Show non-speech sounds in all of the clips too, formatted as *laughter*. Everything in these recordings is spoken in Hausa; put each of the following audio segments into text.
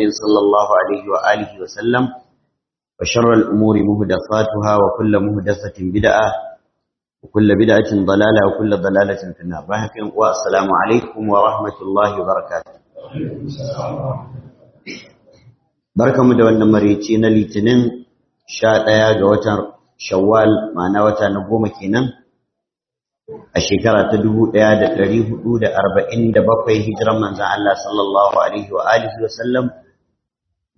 محمد صلى الله عليه وآله وسلم وشر الأمور مهدفاتها وكل مهدفة بدعة وكل بدعة ضلالة وكل ضلالة في النار رحكم والسلام عليكم ورحمة الله وبركاته Barkan mu da wannan mareci na litinin sha ɗaya ga watan shawwal ma'ana wata na goma kenan a shekara ta dubu ɗaya da ɗari hudu da arba'in da bakwai hijiran manzan Allah sallallahu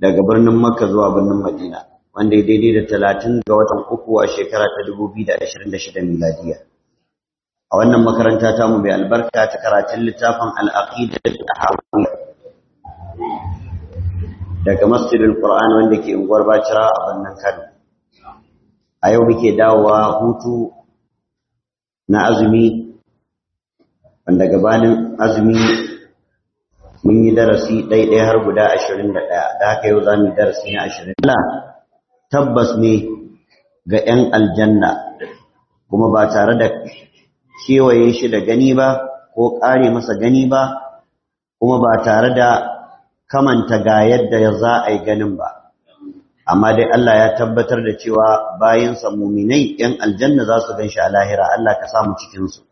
daga birnin Makka zuwa birnin Madina wanda ya daidai da talatin ga watan uku a shekara ta dubu miladiya. A wannan makaranta ta mu bai albarka ta karatun littafin al'aƙida da hawa daga al Qur'an wanda ke unguwar Bacira a wannan Kano. A yau muke dawowa hutu na azumi wanda gabanin azumi mun yi darasi ɗaiɗai har guda ashirin da ɗaya da haka yau za mu yi darasi na ashirin da tabbas ne ga 'yan aljanna kuma ba tare da kewaye shi da gani ba ko ƙare masa gani ba kuma ba tare da kamanta ga yadda za a yi ganin ba amma dai Allah ya tabbatar da cewa bayansa muminai 'yan aljanna za su gan shi a lahira Allah ka samu cikinsu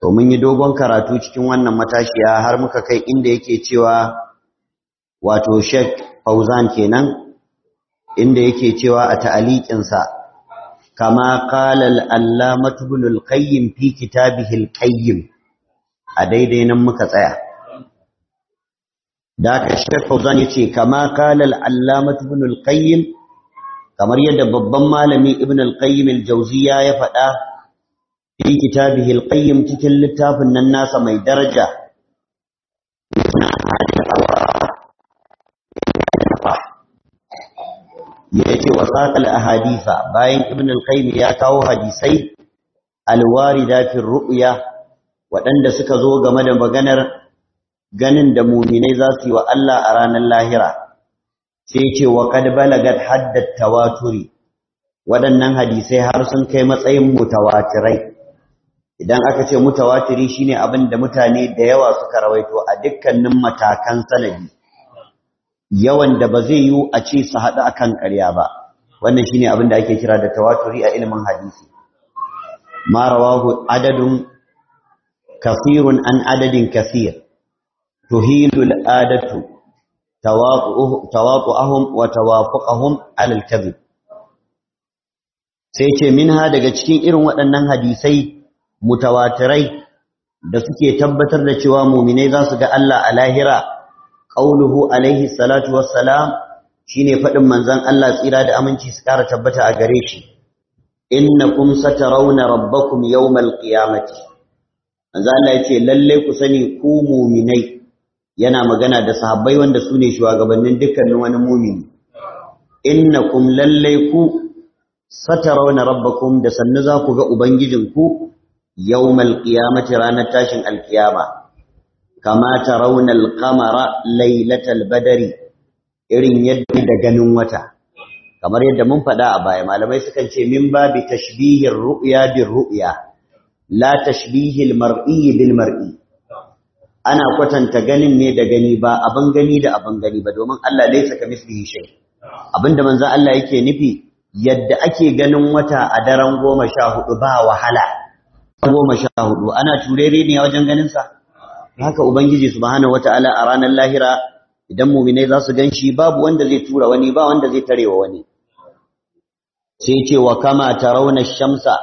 to mun yi dogon karatu cikin wannan matashiya har muka kai inda yake cewa wato Sheikh Fauzan kenan inda yake cewa a ta'aliqin sa kama qala al-allama ibn al-qayyim fi kitabihi al-qayyim a daidai nan muka tsaya da ka Sheikh Fauzan yace kama qala al-allama ibn al-qayyim kamar yadda babban malami ibn al-qayyim al-jawziya ya faɗa fi kitabihi qayyim cikin littafin nan nasa mai daraja ce wa a hadisa bayan ibn al-qayyim ya kawo hadisai al-warida ru'ya waɗanda suka zo game da maganar ganin da muminai za su yi wa Allah a ranar lahira sai ce wa balagad balagat haddat tawaturi waɗannan hadisai har sun kai matsayin mutawatirai idan aka ce mutawatiri shine abin da mutane da yawa suka rawaito a dukkanin matakan sanadi yawan da ba zai yiwu a ce su haɗa akan ƙarya ba wannan shine abin da ake kira da tawaturi a ilimin hadisi ma rawahu adadun kasirun an adadin kasir tuhilul adatu tawaquhum wa tawafuqahum alal kadhib sai ce minha daga cikin irin waɗannan hadisai mutawatirai da suke tabbatar da cewa mu'minai za su ga Allah a lahira qauluhu alaihi salatu wassalam shine fadin manzon Allah tsira da aminci su kara tabbata a gare shi innakum satarawna rabbakum yawmal qiyamati manzon Allah yace lalle ku sani ku mu'minai yana magana da sahabbai wanda sune shugabannin dukkanin wani mu'mini innakum lalle ku satarawna rabbakum da sannu za ku ga ubangijinku yawmal qiyamati ranar tashin alkiyama kamata Raunar kamara lailatal badri irin yadda da ganin wata kamar yadda mun faɗa a baya malamai sukan ce min babi tashbihir ru'ya bir ru'ya la tashbihil mar'i bil mar'i ana kwatanta ganin ne da gani ba abin gani da abin gani ba domin Allah laysa kamislihi shay abinda manzon Allah yake nufi yadda ake ganin wata a daren goma sha hudu ba wahala goma sha hudu ana turere ne wajen ganin ganinsa haka ubangiji subhanahu wataala a ranar lahira idan muminai za su ganshi babu wanda zai tura wani ba wanda zai tarewa wani sai ce wa kama tarawna shamsa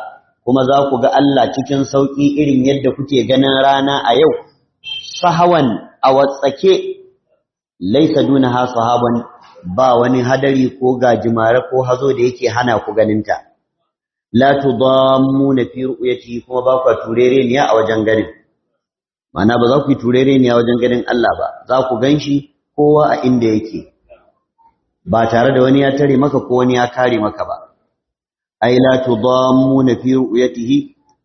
kuma za ku ga Allah cikin sauki irin yadda kuke ganin rana a yau sahawan a watsake laisa dunaha sahaban ba wani hadari ko gajimare ko hazo da yake hana ku ganin ta. la tudammuna fi ru'yatihi kuma ba ku turereniya a wajen ganin ma'ana ba za ku yi turereniya wajen ganin Allah ba za ku ganshi kowa a inda yake ba tare da wani ya tare maka ko wani ya kare maka ba ai la tudammuna fi ru'yatihi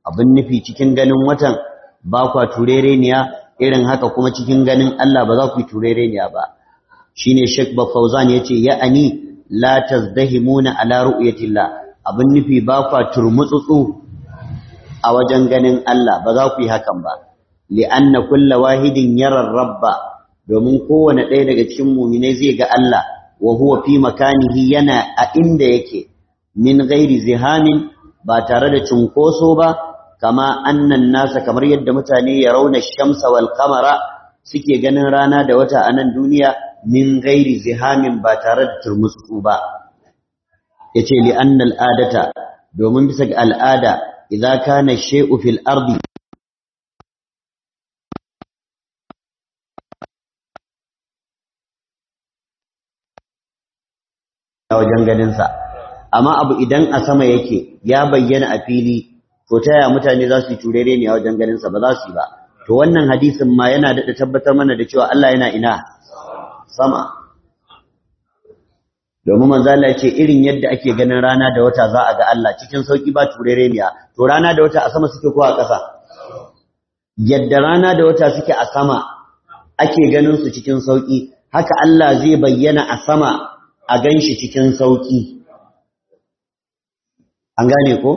abin nufi cikin ganin watan ba ku turereniya irin haka kuma cikin ganin Allah ba za ku yi turereniya ba shine Sheikh Bafauzan yace ya'ani la tazdahimuna ala ru'yatillah abin nufi ba kwa turmutsutsu a wajen ganin Allah ba za ku yi hakan ba li'anna kulla wahidin yarar rabba domin kowane ɗaya daga cikin muminai zai ga Allah wa huwa fi makanihi yana a inda yake min ghairi zihamin ba tare da cunkoso ba kama annan nasa kamar yadda mutane ya rauna shamsa wal kamara suke ganin rana da wata a nan duniya min ghairi zihamin ba tare da turmutsu ba yace li annal adata domin bisa ga al'ada idza kana shay'u fil ardi wajen ganinsa amma abu idan a sama yake ya bayyana a fili to ta ya mutane za su yi turere ne a wajen ganinsa ba za su yi ba to wannan hadisin ma yana daɗa tabbatar mana da cewa Allah yana ina sama domin manzo Allah ya ce irin yadda ake ganin rana da wata za a ga Allah cikin sauki ba turereniya to rana da wata a sama suke ko a ƙasa yadda rana da wata suke a sama ake ganin su cikin sauki haka Allah zai bayyana a sama a ganshi cikin sauki an gane ko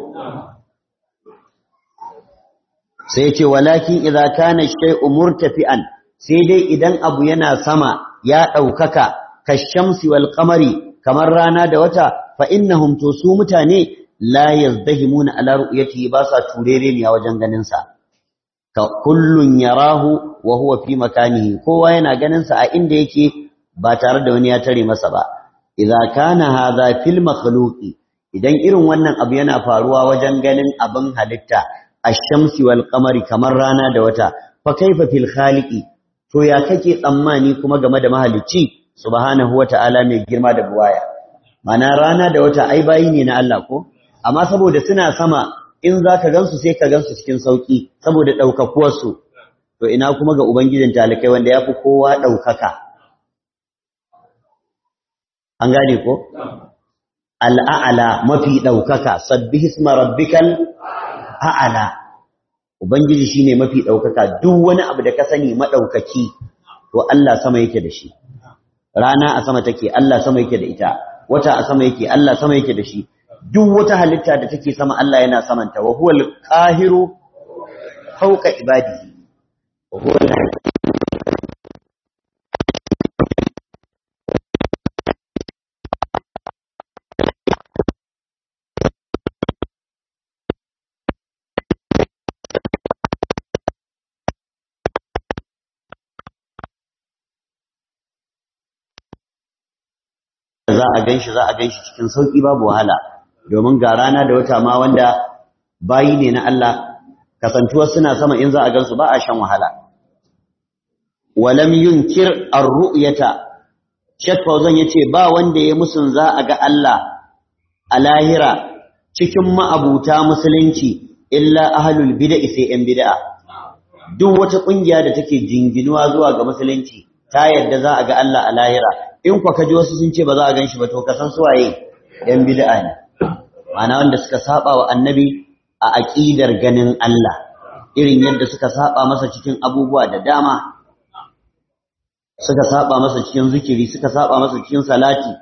sai ce walakin idza kana shay'un murtafi'an sai dai idan abu yana sama ya daukaka kashamsi wal qamari kamar rana da wata fa innahum to su mutane la yazdahimuna ala ru'yati ba sa turere ne a wajen ganin sa ka kullun yarahu wa huwa fi makanihi kowa yana ganin sa a inda yake ba tare da wani ya tare masa ba idza kana hadha fil makhluqi idan irin wannan abu yana faruwa wajen ganin abin halitta ash-shamsi wal qamari kamar rana da wata fa kaifa fil khaliqi to ya kake tsammani kuma game da mahalicci subhanahu wata'ala mai girma da buwaya mana rana da wata ai bayi ne na Allah ko amma saboda suna sama in zaka gansu sai ka gansu cikin sauki saboda daukakuwar su to ina kuma ga ubangijin talakai wanda yafi kowa daukaka an gane ko al'a'ala mafi daukaka sabbihi isma rabbikal a'ala ubangiji shine mafi daukaka duk wani abu da ka sani madaukaki to Allah sama yake da shi rana a sama take Allah sama yake da ita wata a sama yake Allah sama yake da shi duk wata halitta da take sama Allah yana samanta wa huwal qahiru fawqa ibadihi wa za a ganshi za a ganshi cikin sauki babu wahala domin ga rana da wata ma wanda bayi ne na Allah kasantuwar suna sama in za a gansu ba a shan wahala walam yunkir ar-ru'yata Sheikh Fauzan yace ba wanda ya musun za a ga Allah a lahira cikin ma'abuta musulunci illa ahlul bid'a sai 'yan bid'a duk wata kungiya da take jinginuwa zuwa ga musulunci ta yadda za a ga Allah a lahira in kwa kaji wasu sun ce ba za a gan ba to ka san waye. yan bid'a ne ma'ana wanda suka saba wa annabi a aqidar ganin Allah irin yadda suka saba masa cikin abubuwa da dama suka saba masa cikin zikiri suka saba masa cikin salati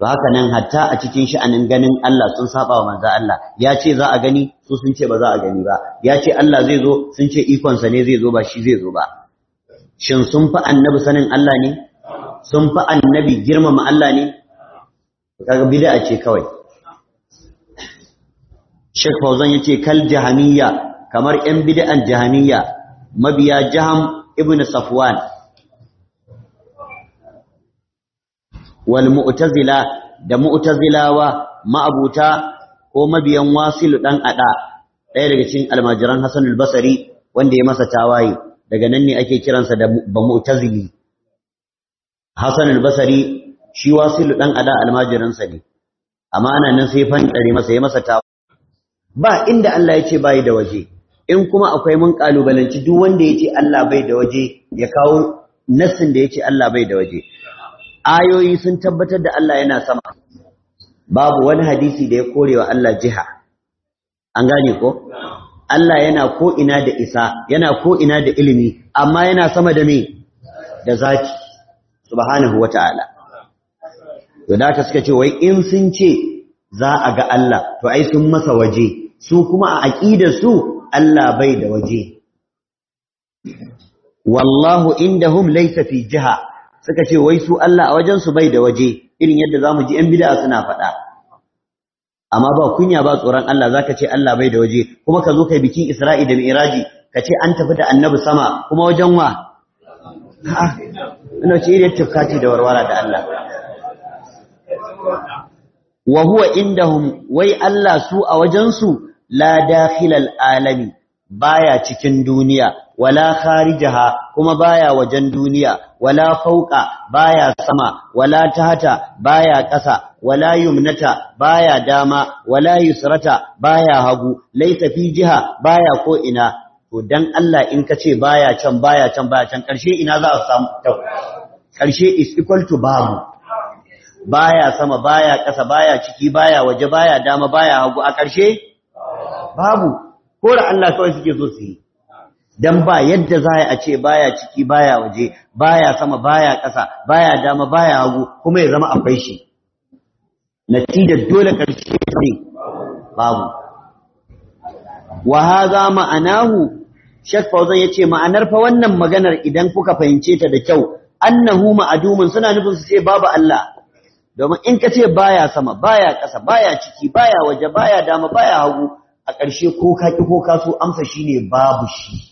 haka nan hatta a cikin sha'anin ganin Allah sun saba wa manzo Allah ya ce za a gani su sun ce ba za a gani ba ya ce Allah zai zo sun ce ikonsa ne zai zo ba shi zai zo ba shin sun fi annabi sanin Allah ne sun fi annabi girmama Allah ne kaga bid'a ce kawai Sheikh Fauzan ce kal jahamiyya kamar yan bid'an jahamiyya mabiya jaham ibn Safwan wal mu'tazila da mu'tazilawa ma'abuta ko mabiyan wasilu dan ada ɗaya daga cikin almajiran Hassan al-Basri wanda ya masa tawaye daga nan ne ake kiransa da mu'tazili Hassan al-Basri shi wasilu dan ada almajiransa ne amma ana nan sai fanɗare masa ya masa ta ba inda Allah ya ce bai da waje in kuma akwai mun kalubalanci duk wanda ya ce Allah bai da waje ya kawo nassin da ya ce Allah bai da waje ayoyi sun tabbatar da Allah yana sama babu wani hadisi da ya korewa Allah jiha an gane ko Allah yana ko'ina da isa yana ko'ina da ilimi amma yana sama da me da zaki subhanahu wataala to da suka ce wai in sun ce za a ga Allah to ai sun masa waje su kuma a aƙida su Allah bai da waje wallahu indahum laysa fi jiha suka ce wai su Allah a wajen su bai da waje irin yadda za mu ji yan bid'a suna faɗa amma ba kunya ba tsoron Allah zaka ce Allah bai da waje kuma ka zo kai bikin Isra'i da Mi'raji ka ce an tafi da Annabi sama kuma wajen wa ina ce irin tafkati da warwara da Allah wa huwa indahum wai Allah su a wajensu la dakhilal alami baya cikin duniya wala kharijaha kuma baya wajen duniya wala fauqa baya sama wala tahata baya ƙasa wala yumnata baya dama wala yusrata baya hagu laysa fi jiha baya ko ina to dan Allah in ka ce baya can baya can baya can karshe ina za a samu karshe is equal to babu baya sama baya ƙasa baya ciki baya waje baya dama baya hagu a ƙarshe babu ko da Allah kawai suke so su yi dan ba yadda za a ce baya ciki baya waje baya sama baya ƙasa baya dama baya hagu kuma ya zama akwai shi natija dole ƙarshe ne babu wa hadha ma'anahu Sheikh Fauzan yace ma'anar fa wannan maganar idan kuka fahimce ta da kyau annahu ma'adumun suna nufin su ce babu Allah domin in ka ce baya sama baya ƙasa baya ciki baya waje baya dama baya hagu a ƙarshe ko ka ki ko ka so amsa shine babu shi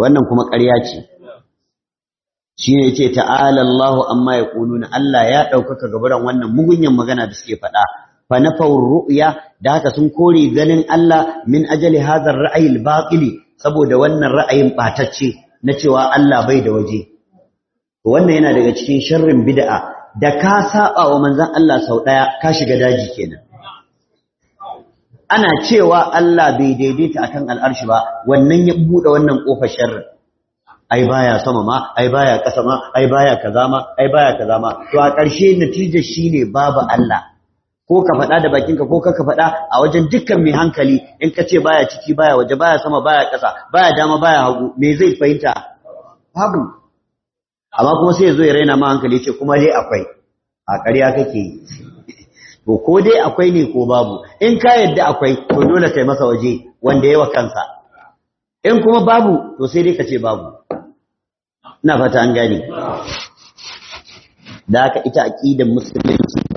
wannan kuma ƙarya ce shine yace ta'ala Allah amma yaquluna Allah ya ɗaukaka gaburan wannan mugunyan magana da suke faɗa fa nafawur ru'ya da haka sun kore ganin Allah min ajali hadhar ra'ayin baqili saboda wannan ra'ayin batacce na cewa Allah bai da waje wannan yana daga cikin sharrin bid'a da ka saba wa manzon Allah sau daya ka shiga daji kenan ana cewa Allah bai daidaita akan al'arshi ba wannan ya bude wannan kofar sharri ai baya sama ma ai baya kasa ma ai baya kaza ma ai baya kaza ma to a ƙarshe natijar shine babu Allah ko ka faɗa da bakinka ko ka faɗa a wajen dukkan mai hankali in ka ce baya ciki baya waje baya sama baya kasa baya dama baya hagu me zai fahimta babu amma kuma sai ya zo ya raina ma hankali ce kuma dai akwai a ƙarya kake yi to ko dai akwai ne ko babu in ka yadda akwai to dole kai masa waje wanda yawa kansa in kuma babu to sai dai ka ce babu ina fata an gane da haka ita aqidar musulunci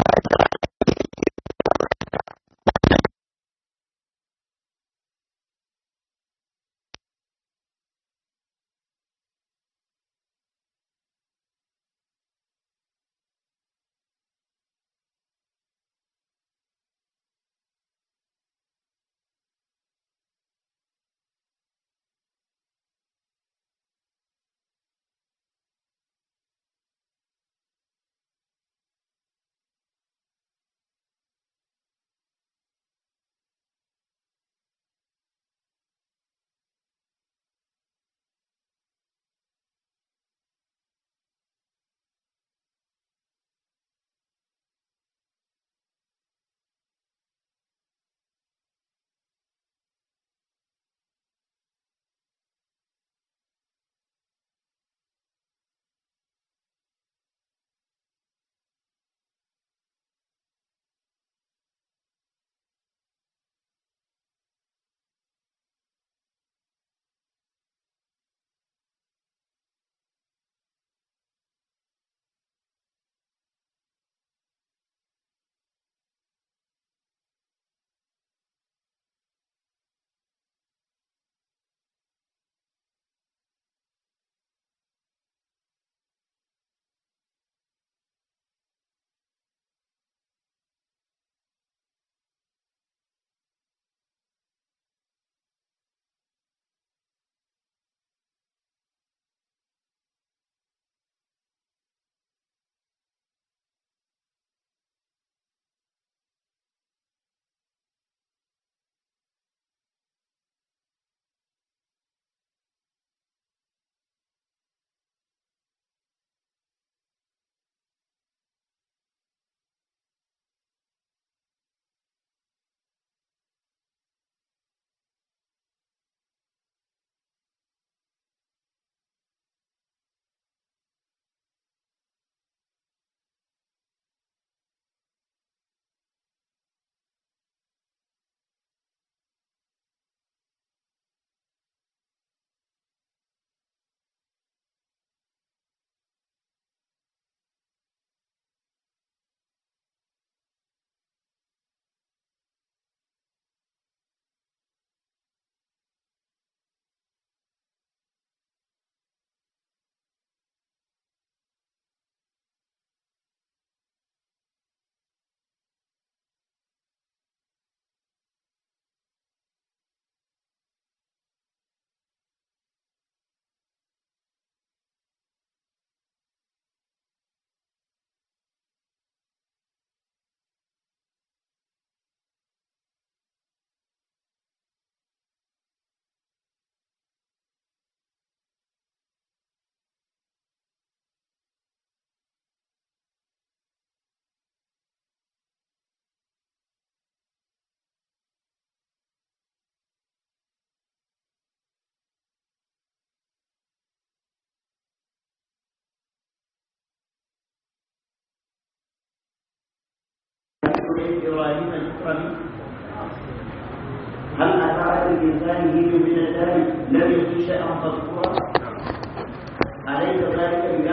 إبراهيم الإكرم هل أتعرف الإنسان من ذلك لم يكن شيئا مذكورا أليس ذلك إلى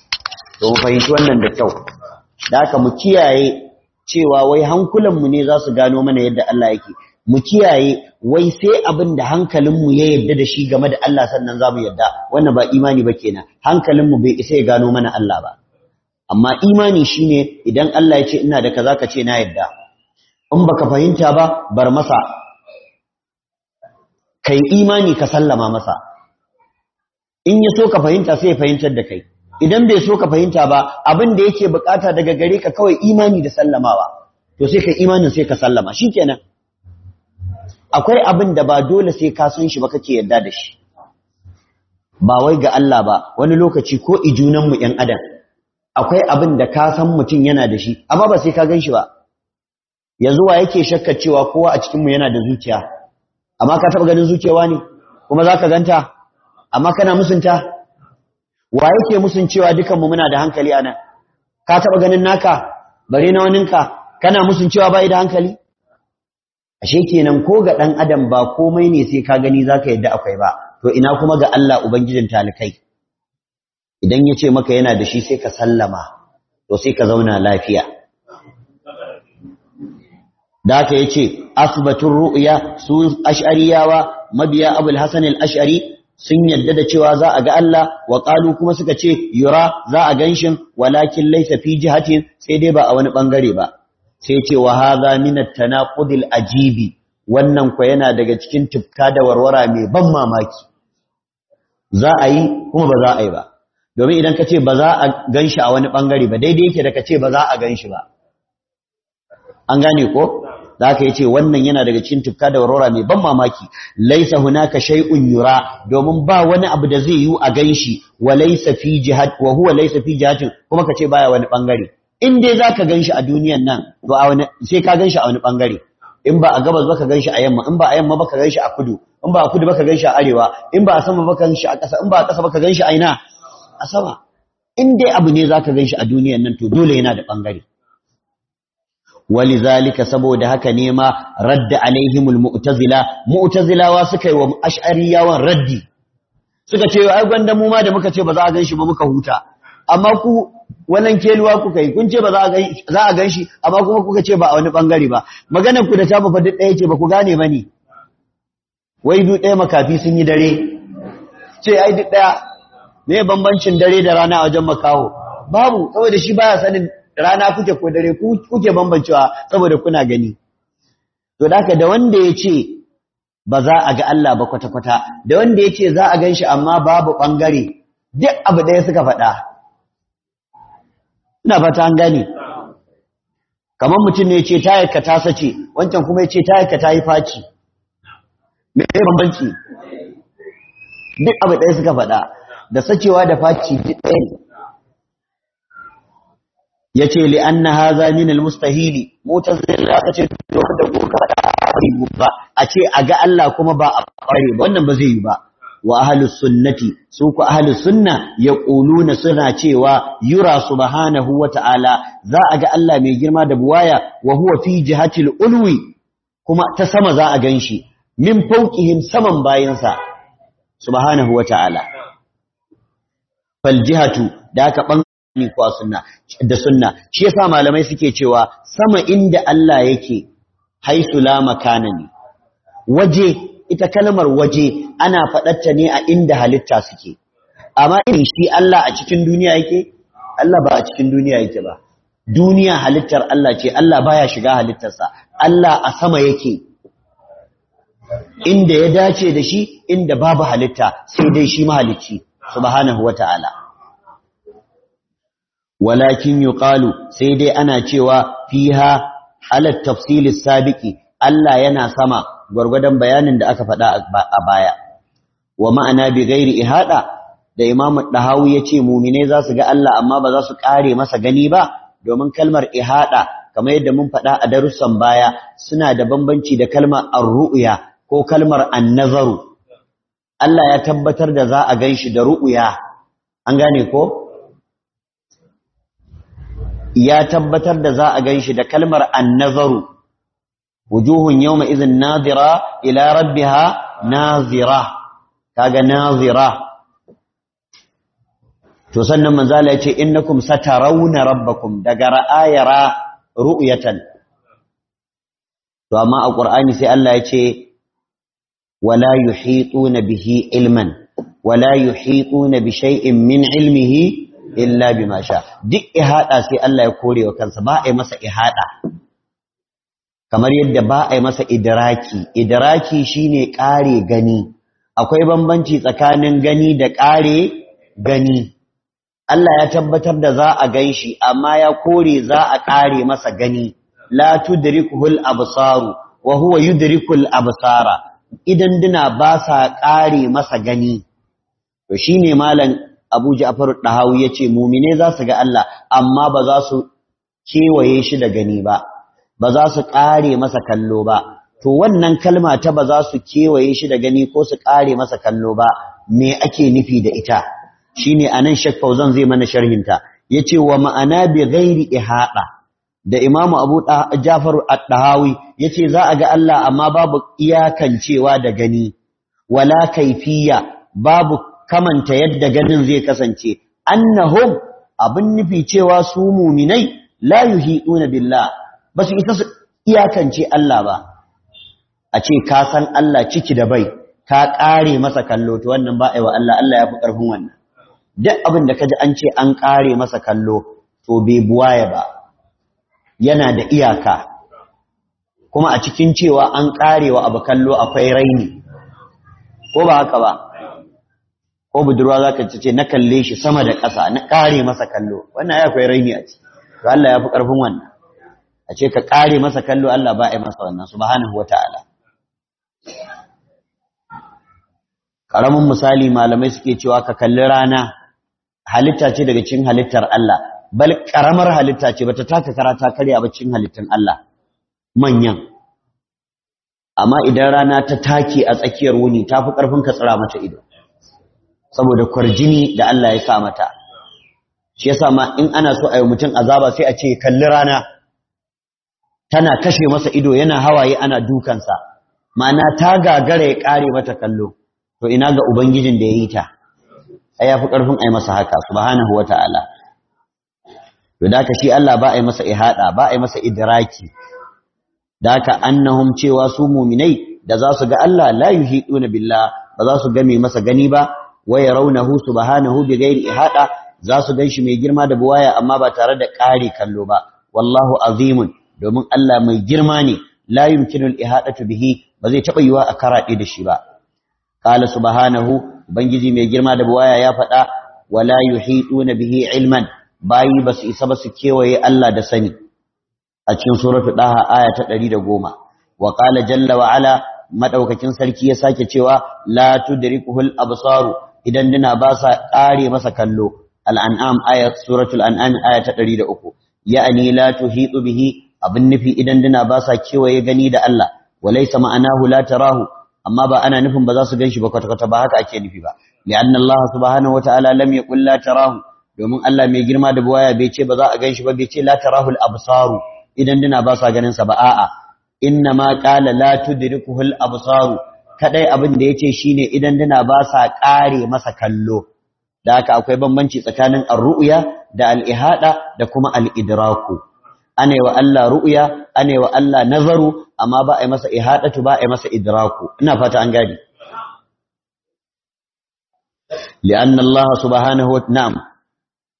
to mu fahimci wannan da kyau da haka mu kiyaye cewa wai hankulanmu ne za su gano mana yadda Allah yake mu kiyaye wai sai abin da hankalinmu ya yarda da shi game da Allah sannan za mu yadda wannan ba imani ba kenan hankalinmu bai isa ya gano mana Allah ba amma imani shine idan Allah ya ce ina da kaza ka ce na yarda in baka fahimta ba bar masa kai imani ka sallama masa in ya so ka fahimta sai ya fahimtar da kai idan bai so ka fahimta ba abin da yake bukata daga gare ka kawai imani da sallamawa to sai ka imanin sai ka sallama shikenan akwai abin da ba dole sai ka san shi ba kake yarda da shi ba wai ga Allah ba wani lokaci ko ijunan mu yan adam akwai abin da ka san mutum yana da shi amma ba sai ka gan shi ba yanzu wa yake shakka cewa kowa a cikin mu yana da zuciya amma ka taba ganin zuciyawa ne kuma zaka ganta amma kana musunta wa yake musun cewa dukan mu muna da hankali anan ka taba ganin naka bare na waninka kana musun cewa bai da hankali ashe kenan ko ga dan adam ba komai ne sai ka gani zaka yadda akwai ba to ina kuma ga Allah ubangijin talikai idan yace maka yana da shi sai ka sallama to sai ka zauna lafiya da ka yace asbatur ru'ya su ash'ariyawa mabiya abul hasan al-ash'ari sun yadda da cewa za a ga Allah wa qalu kuma suka ce yura za a ganshin walakin laysa fi jihatin sai dai ba a wani bangare ba sai ce wa hadha min at-tanaqudil ajibi wannan ko yana daga cikin tufka da warwara mai ban mamaki za a yi kuma ba za a yi ba domin idan ka ce ba za a ganshi a wani bangare ba daidai yake da ka ce ba za a ganshi ba an gane ko da haka yace wannan yana daga cikin tufka da warora mai ban mamaki laisa hunaka shay'un yura domin ba wani abu da zai yi a ganshi wa laisa fi jihad wa huwa laisa fi jihatin kuma kace baya wani bangare in dai zaka ganshi a duniyan nan to a wani sai ka ganshi a wani bangare in ba a gabas baka ganshi a yamma in ba a yamma baka ganshi a kudu in ba a kudu baka ganshi a arewa in ba a sama baka ganshi a ƙasa in ba a ƙasa baka ganshi a ina a sama in dai abu ne zaka ganshi a duniyan nan to dole yana da bangare ولذلك saboda haka ne ma radda alaihimul mu'tazila mu'tazilawa suka yi wa ash'ariyawan raddi suka ce ai gwanda mu ma da muka ce ba za a ganshi ba muka huta amma ku wannan keluwa kuka yi kun ce ba za a ganshi za amma kuma kuka ce ba a wani bangare ba maganar ku da ta bafa duk ɗaya ce ba ku gane bane wai duk ɗaya makafi sun yi dare ce ai duk ɗaya me bambancin dare da rana a wajen makaho babu saboda shi baya sanin rana kuke ko dare kuke bambancewa saboda kuna gani to daka da wanda ya ce ba za a ga Allah ba kwata-kwata da wanda ya ce za a ganshi amma babu bangare. duk abu ɗaya suka faɗa ina fata an gane kamar mutum ne ya ce tayarka ta sace wancan kuma ya ce tayarka ta yi faci me bambanci duk abu ɗaya suka faɗa da sacewa da faci duk ɗaya yace li anna hadha min al mustahili mutazila ta ce da goka ba a ce a ga Allah kuma ba a ba wannan ba zai yi ba wa ahlus sunnati su ku ahlus sunna quluna suna cewa yura subhanahu wa ta'ala za a ga Allah mai girma da buwaya wa huwa fi jihatil ulwi kuma ta sama za a ganshi min fawqihim saman bayansa subhanahu wa ta'ala fal jihatu da aka ni ko sunna da sunna shi yasa malamai suke cewa sama inda Allah yake haisu la makanani waje ita kalmar waje ana faɗatta ne a inda halitta suke amma irin shi Allah a cikin duniya yake Allah ba a cikin duniya yake ba duniya halittar Allah ce Allah baya shiga halittarsa Allah a sama yake inda ya dace da shi inda babu halitta sai dai shi mahalicci subhanahu wataala walakin yuqalu sai dai ana cewa fiha alat tafsilis sabiqi Allah yana sama gwargwadon bayanin da aka faɗa a baya wa ma'ana bi ghairi ihada da Imam ya yace mu'mine za su ga Allah amma ba za su kare masa gani ba domin kalmar ihada kamar yadda mun faɗa a darussan baya suna da bambanci da kalmar ar ko kalmar annazaru Allah ya tabbatar da za a shi da ru'uya an gane ko ya tabbatar da za a gan shi da kalmar annazaru wujuhun yawma idhin nadira ila rabbiha nazira kaga nazira to sannan manzo Allah yace innakum satarawna rabbakum daga ra'ayara ru'yatan to amma a ƙur'ani sai Allah ya ce wala yuhituna bihi ilman wala yuhituna bi shay'in min ilmihi illa bima sha duk ihada sai Allah ya kore wa kansa ba a yi masa ihada kamar yadda ba a yi masa idraki idraki shine kare gani akwai bambanci tsakanin gani da kare gani Allah ya tabbatar da za a ganshi amma ya kore za a kare masa gani la tudrikul absaru wa huwa yudrikul absara idan duna ba sa kare masa gani to shine malam Abu Ja'far Dahawi yace mumine za su ga Allah amma ba za su kewaye shi da gani ba ba za su kare masa kallo ba to wannan kalma ta ba za su kewaye shi da gani ko su kare masa kallo ba me ake nufi da ita shine anan Sheikh Fauzan zai mana sharhin ta yace wa ma'ana bi ghairi ihada da Imam Abu Ja'far Ad-Dahawi yace za a ga Allah amma babu iyakancewa da gani wala kaifiya babu kamanta yadda ganin zai kasance annahum abin nufi cewa su muminai la yuhiduna billah ba su isa su iyakance Allah ba a ce ka san Allah ciki da bai ka kare masa kallo to wannan ba aiwa Allah Allah ya fi karfin wannan duk abin da kaji an ce an kare masa kallo to bai buwaye ba yana da iyaka kuma a cikin cewa an karewa abu kallo akwai raini ko ba haka ba ko budurwa za ka ce na kalle shi sama da ƙasa na ƙare masa kallo wannan ya akwai raini a ce to Allah ya fi ƙarfin wannan a ce ka ƙare masa kallo Allah ba a yi masa wannan subhanahu wa ta'ala ƙaramin misali malamai suke cewa ka kalli rana halitta ce daga cikin halittar Allah bal ƙaramar halitta ce bata taka karata karya ba cikin halittun Allah manyan amma idan rana ta take a tsakiyar wuni ta fi ƙarfin ka tsira mata ido saboda kwarjini da Allah ya sa mata shi yasa ma in ana so a yi mutum azaba sai a ce kalli rana tana kashe masa ido yana hawaye ana dukansa ma'ana ta gagara ya kare mata kallo to ina ga ubangijin da ya yi ta ai yafi karfin ai masa haka subhanahu wataala to da ka shi Allah ba ai masa ihada ba ai masa idraki da ka annahum cewa su mu'minai da za su ga Allah la yuhiduna billah ba za su game masa gani ba wa yarawnahu subhanahu bighairi ihada za su ganshi mai girma da buwaya amma ba tare da ƙari kallo ba wallahu azimun domin Allah mai girma ne la yumkinu al-ihadatu bihi ba zai taba yiwa a karaɗe da shi ba qala subhanahu ubangiji mai girma da buwaya ya faɗa wala yuhiduna bihi ilman bayi basu isa ba su kewaye Allah da sani a cikin suratul daha aya ta 110 wa qala jalla wa ala madaukakin sarki ya sake cewa la tudrikuhul absaru idan duna ba sa ƙare masa kallo al'an'am ayat suratul an'am aya ta uku, ya'ani la tuhitu bihi abin nufi idan duna ba sa kewaye gani da Allah walaysa ma'anahu la rahu amma ba ana nufin ba za su ganshi ba kwata-kwata ba haka ake nufi ba li'anna Allah subhanahu wata'ala lam kulla ta rahu domin Allah mai girma da buwaya bai ce ba za a ganshi ba bai ce la absaru idan duna ba sa ganin sa ba a'a inna ma qala la tudrikuhul absaru kadai abin da yace shine idan dana ba sa kare masa kallo da haka akwai bambanci tsakanin ar-ru'ya da al-ihada da kuma al-idraku ane wa Allah ru'ya ane wa Allah nazaru amma ba ai masa ihadatu ba ai masa idraku ina fata an gani لأن الله سبحانه نعم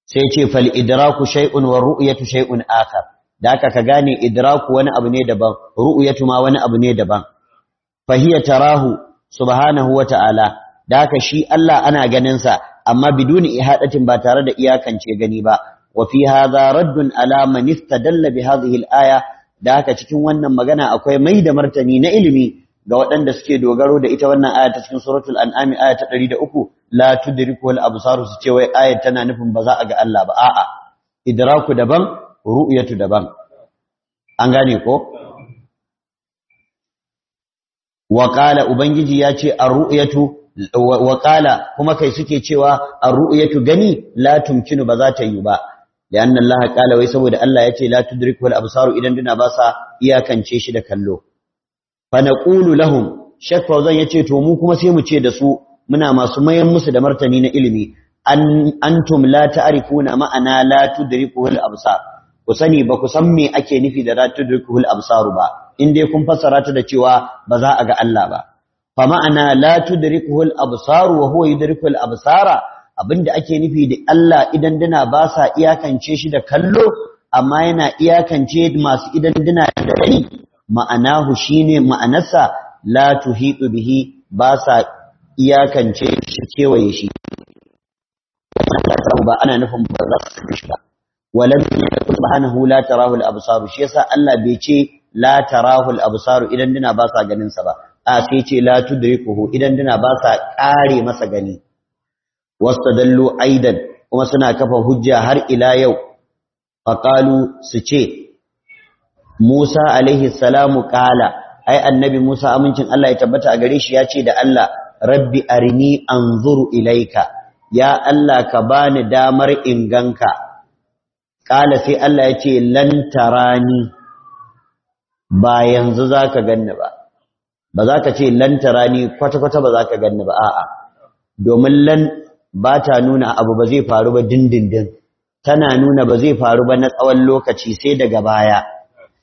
سيتي فالإدراك شيء والرؤية شيء آخر داك كغاني إدراك وانا أبني دبان رؤية ما وانا أبني daban. fahiya tarahu subhanahu wa ta'ala da haka shi Allah ana ganinsa amma biduni ihadatin ba tare da iyakance gani ba wa fi hadha raddun ala man bi aya da haka cikin wannan magana akwai mai da martani na ilimi ga waɗanda suke dogaro da ita wannan aya ta cikin suratul an'ami aya ta 103 la tudrikul absaru su ce wai ayar tana nufin ba za a ga Allah ba a'a idraku daban ru'yatu daban an gane ko wa ubangiji ya ce ar-ru'yatu wa kuma kai suke cewa a ruyatu gani la tumkinu ba za ta yi ba lianna Allah qala wai saboda Allah ce la tudriku al-absaru idan duna ba sa iyakance shi da kallo fa naqulu lahum shek fauzan yace to mu kuma sai mu ce da su muna masu mayan musu da martani na ilimi antum la ta'rifuna ma'ana la tudriku al-absar ku sani ba ku san me ake nufi da la tudriku al-absar ba in dai kun fassara ta da cewa ba za a ga Allah ba fa ma'ana la tudrikuhu al-absar wa huwa yudrikuhu al-absara abinda ake nufi da Allah idan dana ba sa iyakance shi da kallo amma yana iyakance masu idan dina da rai ma'anahu shine ma'anarsa la tuhitu bihi ba sa iyakance shi kewaye shi ba ana nufin ba za su shi ba walam yakun subhanahu la tarahu al-absar shi yasa Allah bai ce la tarahul absaru idan dina ba sa ganin sa ba a sai ce la tudrikuhu idan dina ba sa kare masa gani wastadallu aidan kuma suna kafa hujja har ila yau faqalu su ce Musa alaihi salamu kala ai annabi Musa amincin Allah ya tabbata a gare shi ya ce da Allah rabbi arini anzuru ilaika ya Allah ka bani damar inganka qala sai Allah ya ce lan tarani ba yanzu za ka ganni ba ba za ka ce lantara ni kwata-kwata ba za ka ganni ba a'a domin lan ba ta nuna abu ba zai faru ba dindindin tana nuna ba zai faru ba na tsawon lokaci sai daga baya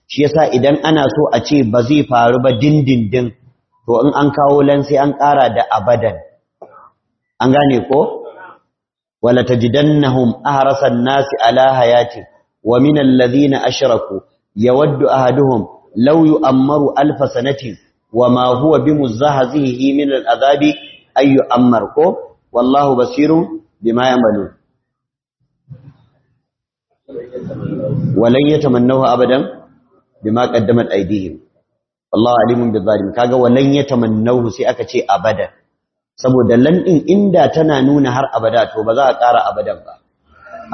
shi yasa idan ana so a ce ba zai faru ba dindindin to in an kawo lan sai an ƙara da abadan an gane ko wala tajidannahum ahrasan nasi ala hayati wa min alladhina ashraku yawaddu ahaduhum Lauyu Ammaru alf sanatin wama huwa bimuzahzihi min al'adabi ay yu'ammar ko wallahu basirun bima ya'malun walan yatamannahu abadan bima qaddamat aydihim wallahu alimun bizalim kaga walan yatamannahu sai aka ce abadan saboda lan ɗin inda tana nuna har abada to ba za a ƙara abadan ba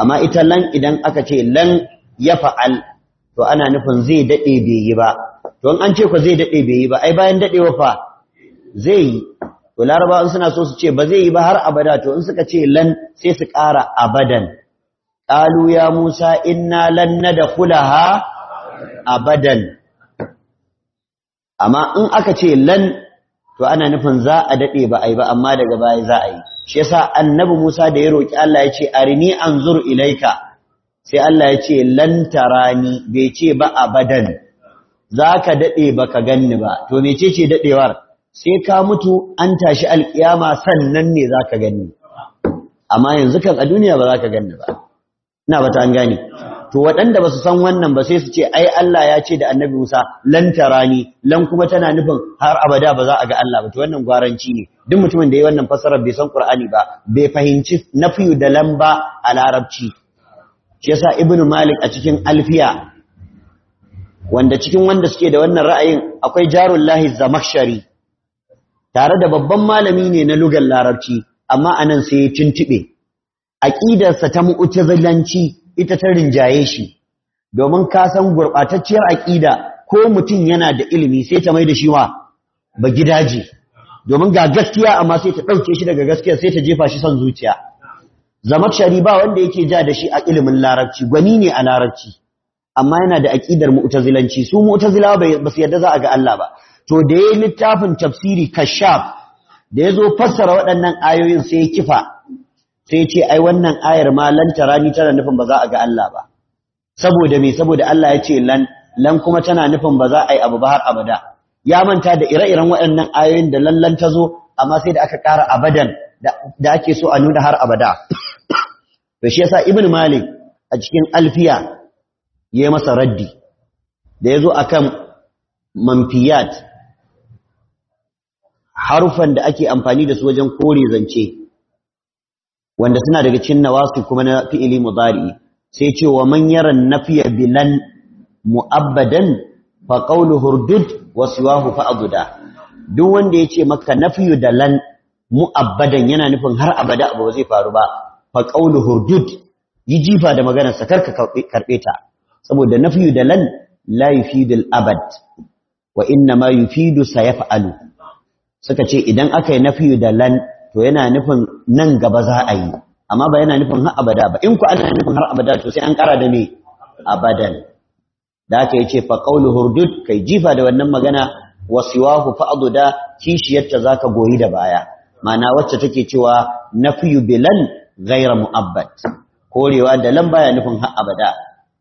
amma ita lan idan aka ce lan ya fa'al to ana nufin zai dade bai yi ba to an ce ku zai dade bai yi ba ai bayan dadewa fa zai yi to laraba in suna so su ce ba zai yi ba har abada to in suka ce lan sai su ƙara abadan qalu ya musa inna lan nadkhulaha abadan amma in aka ce lan to ana nufin za a dade ba ai ba amma daga baya za a yi shi yasa annabi musa da ya roki Allah ya ce arini anzur ilaika sai Allah ya ce lantarani bai ce ba abadan zaka dade baka ganni ba to mecece daɗewar sai ka mutu an tashi alkiyama sannan ne zaka ganni amma yanzu kan a duniya ba zaka ganni ba ina ba ta an gane to waɗanda ba su san wannan ba sai su ce ai Allah ya ce da annabi Musa lantara ni. lan kuma tana nufin har abada ba za a ga Allah ba to wannan gwaranci ne duk mutumin da yayi wannan fasarar bai san Qur'ani ba bai fahimci nafiyu da lamba a larabci shi yasa ibnu malik a cikin alfiya wanda cikin wanda suke da wannan ra'ayin akwai jarullahi zamakshari tare da babban malami ne na lugar larabci amma anan sai ya tuntube aqidarsa ta mu'tazilanci ita ta rinjaye shi domin ka san gurbatacciyar aqida ko mutum yana da ilimi sai ta mai da shi wa ba gidaje domin ga gaskiya amma sai ta dauke shi daga gaskiya sai ta jefa shi son zuciya shari ba wanda yake ja da shi a ilimin larabci gwani ne a larabci amma yana da aqidar mu'tazilanci su mu'tazilawa ba su yadda za a ga Allah ba to da yayin littafin tafsiri kashaf da yazo fassara waɗannan ayoyin sai ya kifa sai ya ce ai wannan ayar ma lan tarani tana nufin ba za a ga Allah ba saboda me saboda Allah ya ce lan lan kuma tana nufin ba za a yi abu ba har abada ya manta da ire-iren waɗannan ayoyin da lallan ta zo amma sai da aka ƙara abadan da ake so a nuna har abada da shi yasa ibn malik a cikin alfiya yayi masa raddi da yazo akan manfiyat harufan da ake amfani da su wajen kore zance wanda suna daga cikin nawasu kuma na fi'ili mudari sai ce wa man yara nafiya bilan mu'abbadan fa qawlu hurdud wa siwahu fa aduda duk wanda yace maka nafiyu da lan mu'abbadan yana nufin har abada abu zai faru ba fa hurdud yi jifa da maganarsa, sa karka karbe ta saboda nafiyu da lan la yufidul abad wa inna ma yufidu sayaf'alu suka ce idan aka yi nafiyu da lan to yana nufin nan gaba za a yi amma ba yana nufin har abada ba in ku ana nufin har abada to sai an kara da me abadan da aka yi ce qawlu hurdud kai jifa da wannan magana wasiwahu fa'adu da kishiyarta zaka goyi da baya mana wacce take cewa da bilan Gaira mu'abbad korewa da lam baya nufin har abada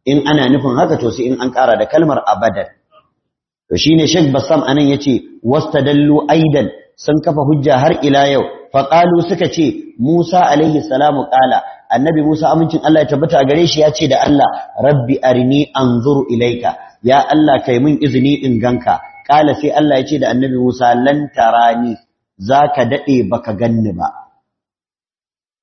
in ana nufin haka to sai in an ƙara da kalmar abadan to shine Sheikh Bassam anan yace wastadallu aidan sun kafa hujja har ila yau faqalu suka ce Musa alaihi salamu qala annabi Musa amincin Allah ya tabbata a gare shi ya ce da Allah rabbi arini anzur ilaika ya Allah kai min izini in ganka ƙala sai Allah ya ce da annabi Musa lan tarani zaka dade baka ganni ba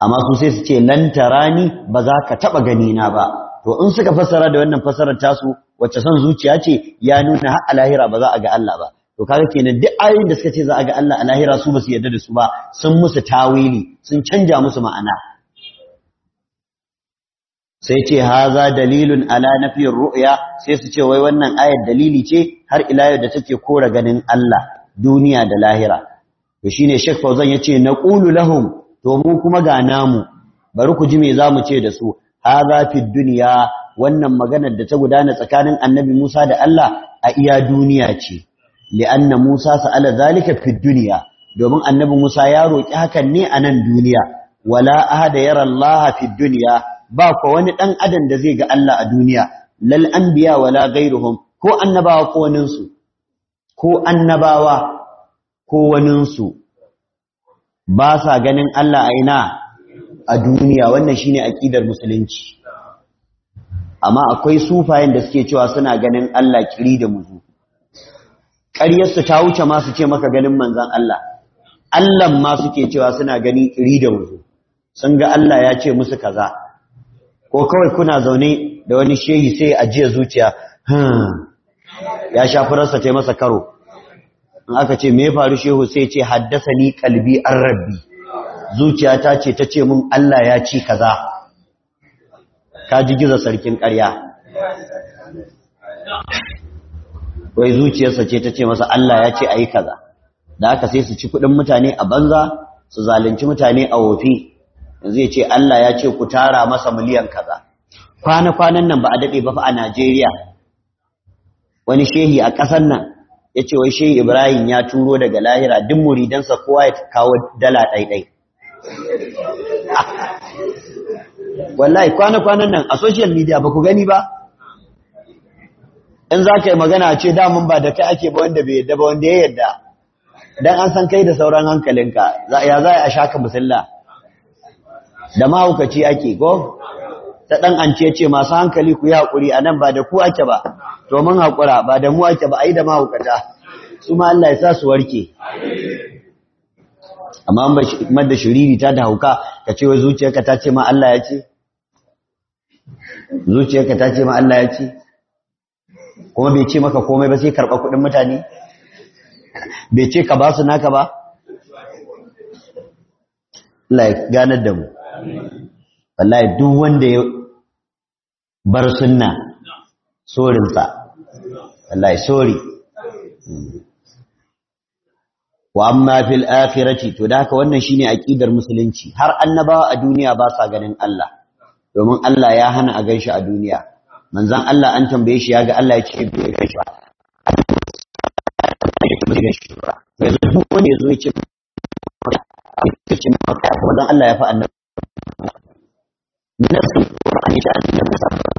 amma su sai su ce lan tarani ba za ka taba gani na ba to in suka fassara da wannan fassarar tasu wacce son zuciya ce ya nuna har a lahira ba za a ga Allah ba to kaga kenan duk ayoyin da suka ce za a ga Allah a lahira su ba su yarda da su ba sun musu tawili sun canja musu ma'ana sai ce haza dalilun ala nafiyar ru'ya sai su ce wai wannan ayar dalili ce har ila yau da take kora ganin Allah duniya da lahira to shine Sheikh Fauzan yace naqulu lahum to mu kuma ga namu bari ku ji me zamu ce da su hadha fid dunya wannan maganar da ta gudana tsakanin annabi Musa da Allah a iya duniya ce li'anna Musa sa'ala zalika fid dunya domin annabi Musa ya roki hakan ne a nan duniya wala ahada yara Allah fid dunya ba ko wani dan adam da zai ga Allah a duniya lal anbiya wala ghairuhum ko annabawa ko waninsu ko annabawa ko waninsu ba sa ganin Allah a ina a duniya wannan shi ne aƙidar musulunci amma akwai sufayen da suke cewa suna ganin Allah kiri da muzu ƙaryarsu ta wuce ma su ce maka ganin manzan Allah Allah ma suke cewa suna gani kiri da muzu sun ga Allah ya ce musu kaza ko kawai kuna zaune da wani shehi sai ajiya zuciya hmm, ya sha furarsa ta masa karo in aka ce me faru shehu sai ce haddasa ni kalbi an rabbi zuciyata ce ta ce mun Allah ya ci kaza ka ji giza sarkin karya wai zuciyarsa ce ta ce masa Allah ya ce ayi kaza da aka sai su ci kuɗin mutane a banza su zalunci mutane a wofi zai ce Allah ya ce ku tara masa miliyan kaza kwana-kwanan nan ba a daɗe ba fa a Najeriya wani shehi a ƙasar nan ya ce wai shehu ibrahim ya turo daga lahira duk muridansa kowa ya kawo dala ɗaiɗai wallahi kwana-kwanan nan a social media ba ku gani ba in za ka yi magana ce damun ba da kai ake ba wanda bai yadda ba wanda ya yadda don an san kai da sauran hankalinka ya za a sha ka musalla da mahaukaci ake ko Ta ɗan ance ce masu hankali ku yi hakuri a nan ba da ku ake ba to mun hakura ba da mu ake ba a yi da mahaukata su ma Allah ya sa su warke amma an da shiriri ta da hauka ka ce wa zuciyarka ta ce ma Allah ya ce zuciyarka ta ce ma Allah ya ce kuma bai ce maka komai ba sai karɓa kuɗin mutane bai ce ka ba su naka ba Allah ya ganar da mu wallahi duk wanda ya bar sunna sorinsa wallahi sori wa amma fil akhirati to da haka wannan shine aqidar musulunci har annabawa a duniya ba sa ganin Allah domin Allah ya hana a ganshi a duniya manzon Allah an tambaye shi yaga Allah ya ce bai ganshi ba yanzu ya zo ya ce Allah ya fa annabi nasu Qur'ani da annabi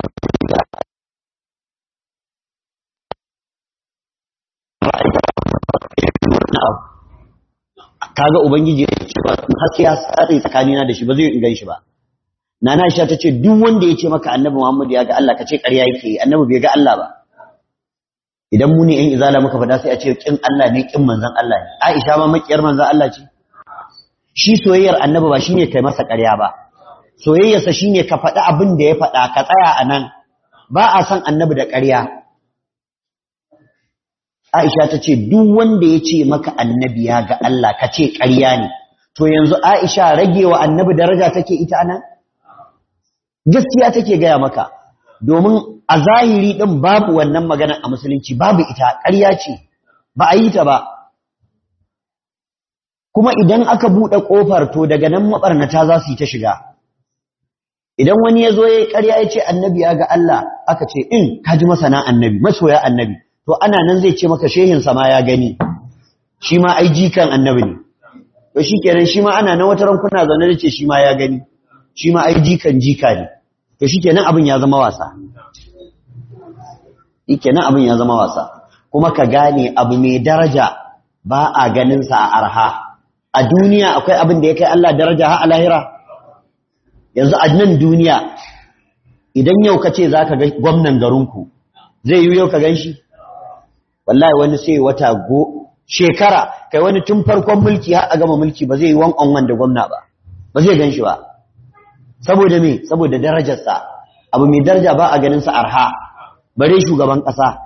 kaga ubangiji ya ce ba sai ya tsare na da shi ba zai gan shi ba nana Aisha tace duk wanda ya ce maka annabi Muhammad ya ga Allah kace ƙarya yake annabi bai ga Allah ba idan mu ne yan izala muka faɗa sai a ce kin Allah ne kin manzon Allah ne Aisha ma makiyar manzon Allah ce shi soyayyar annabi ba shine kai masa ƙarya ba soyayyarsa shine ka faɗi abin da ya faɗa ka tsaya a nan ba a san annabi da ƙarya Aisha ta ce duk wanda ya ce maka annabi ya ga Allah ka ce ƙarya ne to yanzu Aisha ragewa annabi daraja take ita nan? gaskiya take gaya maka domin a zahiri din babu wannan magana a musulunci babu ita ƙarya ce ba a yi ta ba kuma idan aka buɗe ƙofar to daga nan maɓarnata za su yi ta shiga idan wani ya zo ya yi ƙarya ya ce annabi ya ga Allah aka ce in ka ji masana annabi masoya annabi to ana nan zai ce maka shehinsa ma ya gani shi ma ai jikan annabi ne to shi kenan shi ma ana nan wata rankuna zaune da ce shi ma ya gani shi ma ai jikan jika ne to shi kenan abin ya zama wasa shi kenan abin ya zama wasa kuma ka gane abu mai daraja ba a ganinsa a arha a duniya akwai abin da ya kai Allah daraja ha a lahira yanzu a nan duniya idan yau ka ce za ka ga gwamnan garinku zai yi yau ka gan shi wallahi wani sai wata go shekara kai wani tun farkon mulki har a gama mulki ba zai yi wan on da gwamna ba ba zai gan ba saboda me saboda darajarsa abu mai daraja ba a ganin sa arha bare shugaban kasa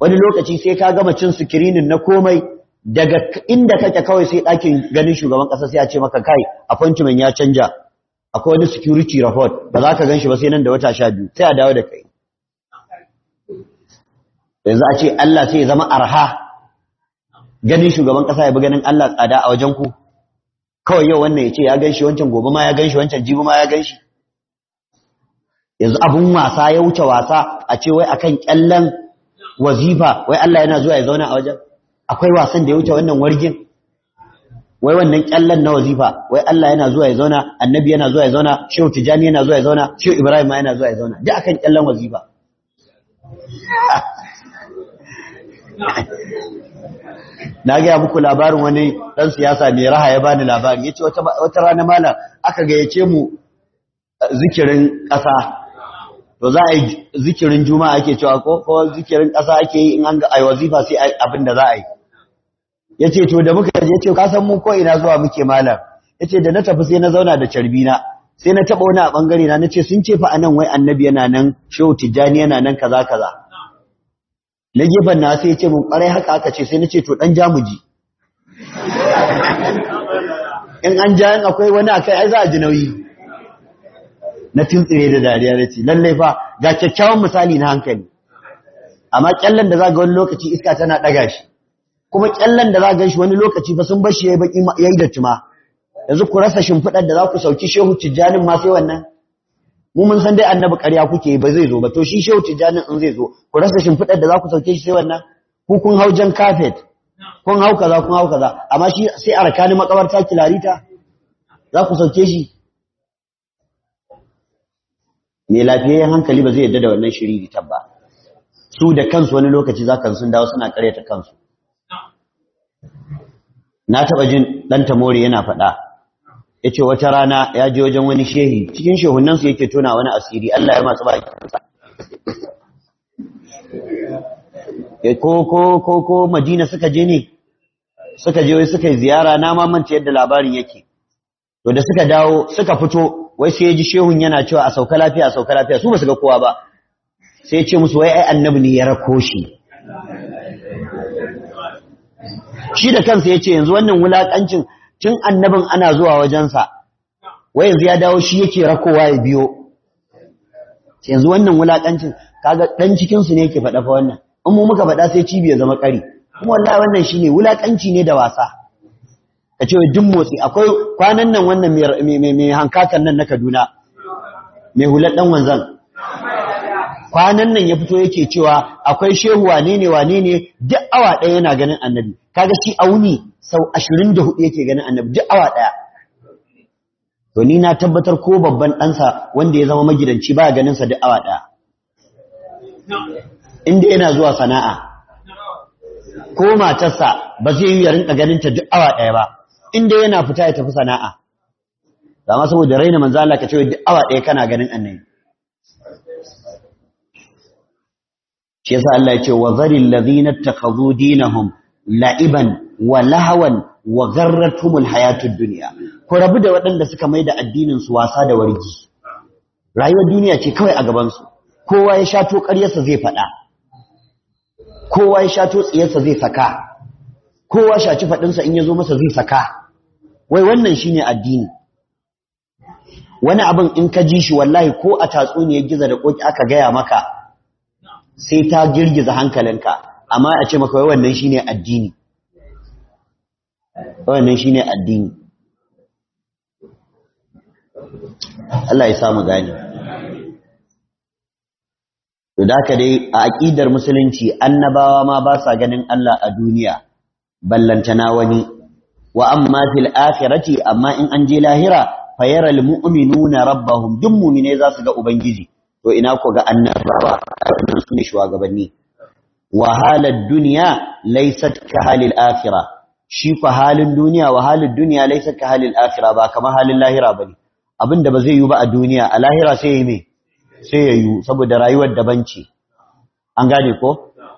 wani lokaci sai ka gama cin screening na komai daga inda kake kawai sai ɗakin ganin shugaban kasa sai a ce maka kai appointment ya canja akwai wani security report ba za ka gan shi ba sai nan da wata sha biyu sai a dawo da kai yanzu a ce Allah sai ya zama arha ganin shugaban kasa ya bi ganin Allah tsada a wajen ku kawai yau wannan ya ce ya ganshi wancan gobe ma ya ganshi wancan jibi ma ya ganshi yanzu abun wasa ya wuce wasa a ce wai akan kyallan wazifa wai Allah yana zuwa ya zauna a wajen akwai wasan da ya wuce wannan wargin wai wannan kyallan na wazifa wai Allah yana zuwa ya zauna annabi yana zuwa ya zauna shehu tijani yana zuwa ya zauna shehu ibrahim ma yana zuwa ya zauna duk akan kyallan wazifa *laughs* *laughs* na gaya muku labarin wani dan siyasa mai raha ya bani labarin Ya ce wata rana mala aka gayyace mu eh, zikirin ƙasa to za a yi zikirin juma'a ake cewa ko ko zikirin ƙasa ake yi in an ga ai wazifa sai abin da za a yi Ya ce to da muka ya yace ka san mu ko ina zuwa muke malam ce da na tafi sai na zauna da carbina sai na taba wani a ɓangare na Na ce sun ce fa anan wai annabi yana nan shehu tijjani yana nan kaza kaza na gefen na sai ce mun kwarai haka aka ce sai na ce to ɗan jamuji in an ja akwai wani akai ai za a ji nauyi na tuntsire da dariya na ce lallai fa ga kyakkyawan misali na hankali amma kyallan da za ga wani lokaci iska tana ɗaga shi kuma kyallan da za ga shi wani lokaci fa sun bar shi ya yi da ma yanzu ku rasa shimfiɗar da za ku sauki shehu tijjanin ma sai wannan mu mun san dai annabi ƙarya kuke ba zai zo ba to shi shehu tijani in zai zo ku rasa shimfiɗar da za ku sauke shi sai wannan ku kun hau jan kafet kun hau kaza kun hau kaza amma shi sai a rakani makabarta kilarita za ku sauke shi mai lafiyayyen hankali ba zai yadda da wannan shiriri tabba su da kansu wani lokaci za kan sun dawo suna karyata kansu na taɓa jin ɗan tamori yana faɗa yace wata rana ya je wajen wani shehi cikin shehunan su yake tona wani asiri Allah ya matsa baki ko ko ko ko Madina suka je ne suka je wai suka yi ziyara na ma manta yadda labarin yake to da suka dawo suka fito wai sai ya ji shehun yana cewa a sauka lafiya a sauka lafiya su ba su ga kowa ba sai ya ce musu wai ai annabi ne ya rako shi shi da kansa ya ce yanzu wannan wulakancin tun annabin ana zuwa wajensa wai yanzu ya dawo shi yake rakowa ya biyo yanzu wannan wulakancin kaga dan cikin su ne yake faɗa fa wannan in mu muka faɗa sai cibiyar zama kari kuma wallahi wannan shine wulakanci ne da wasa ka ce duk motsi akwai kwanan nan wannan mai hankakan nan na Kaduna mai hular ɗan wanzan kwanan nan ya fito yake cewa akwai shehu wane ne wane ne duk awa ɗaya yana ganin annabi kaga shi auni sau ashirin da hudu yake ganin annabi duk awa ɗaya to ni na tabbatar ko babban ɗansa wanda ya zama magidanci ba ganin sa duk awa ɗaya inda yana zuwa sana'a ko matarsa ba zai yi ya rinka ganin ta duk awa ɗaya ba inda yana fita ya tafi sana'a zama saboda raina manzo Allah ka ce duk awa ɗaya kana ganin annabi shi yasa Allah ya ce wa zaril ladhina takhadhu dinahum la'iban wa lahawan wa gharratuhumul hayatud dunya ko rabu da waɗanda suka maida addinin su wasa da wargi rayuwar duniya ce kawai a gaban su kowa ya shato ƙaryarsa zai faɗa kowa ya shato tsiyarsa zai saka kowa shaci faɗinsa in ya zo masa zai saka wai wannan shine addini wani abin in ka ji shi wallahi ko a tatsuniyar giza da ƙoƙi aka gaya maka sai ta girgiza hankalinka amma a ce maka wannan shine addini wannan shine addini Allah ya samu gani to da ka dai a aqidar musulunci annabawa ma ba sa ganin Allah a duniya na wani wa amma fil akhirati amma in an je lahira fayaral mu'minuna rabbahum duk mu'mine za su ga ubangiji to ina ku ga annabawa wannan su ne shugabanni wa duniya dunya laysat ka halil akhira shi fa halin duniya wa halid dunya laysat ka halil akhira ba kamar halin lahira bane abinda ba zai yi ba a duniya a lahira sai yayi me sai yayi saboda rayuwar daban ce an gane ko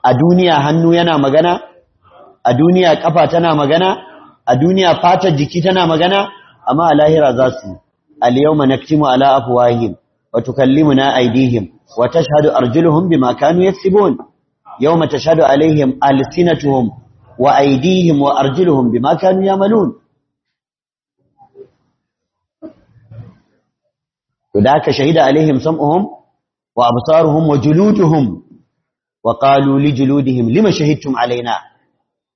a duniya hannu yana magana a duniya kafa tana magana a duniya fata jiki tana magana amma a lahira za su al yawma naktimu ala afwahihim وتكلمنا أيديهم وتشهد أرجلهم بما كانوا يكسبون يوم تشهد عليهم ألسنتهم وأيديهم وأرجلهم بما كانوا يعملون وذاك شهد عليهم سمعهم وأبصارهم وجلودهم وقالوا لجلودهم لما شهدتم علينا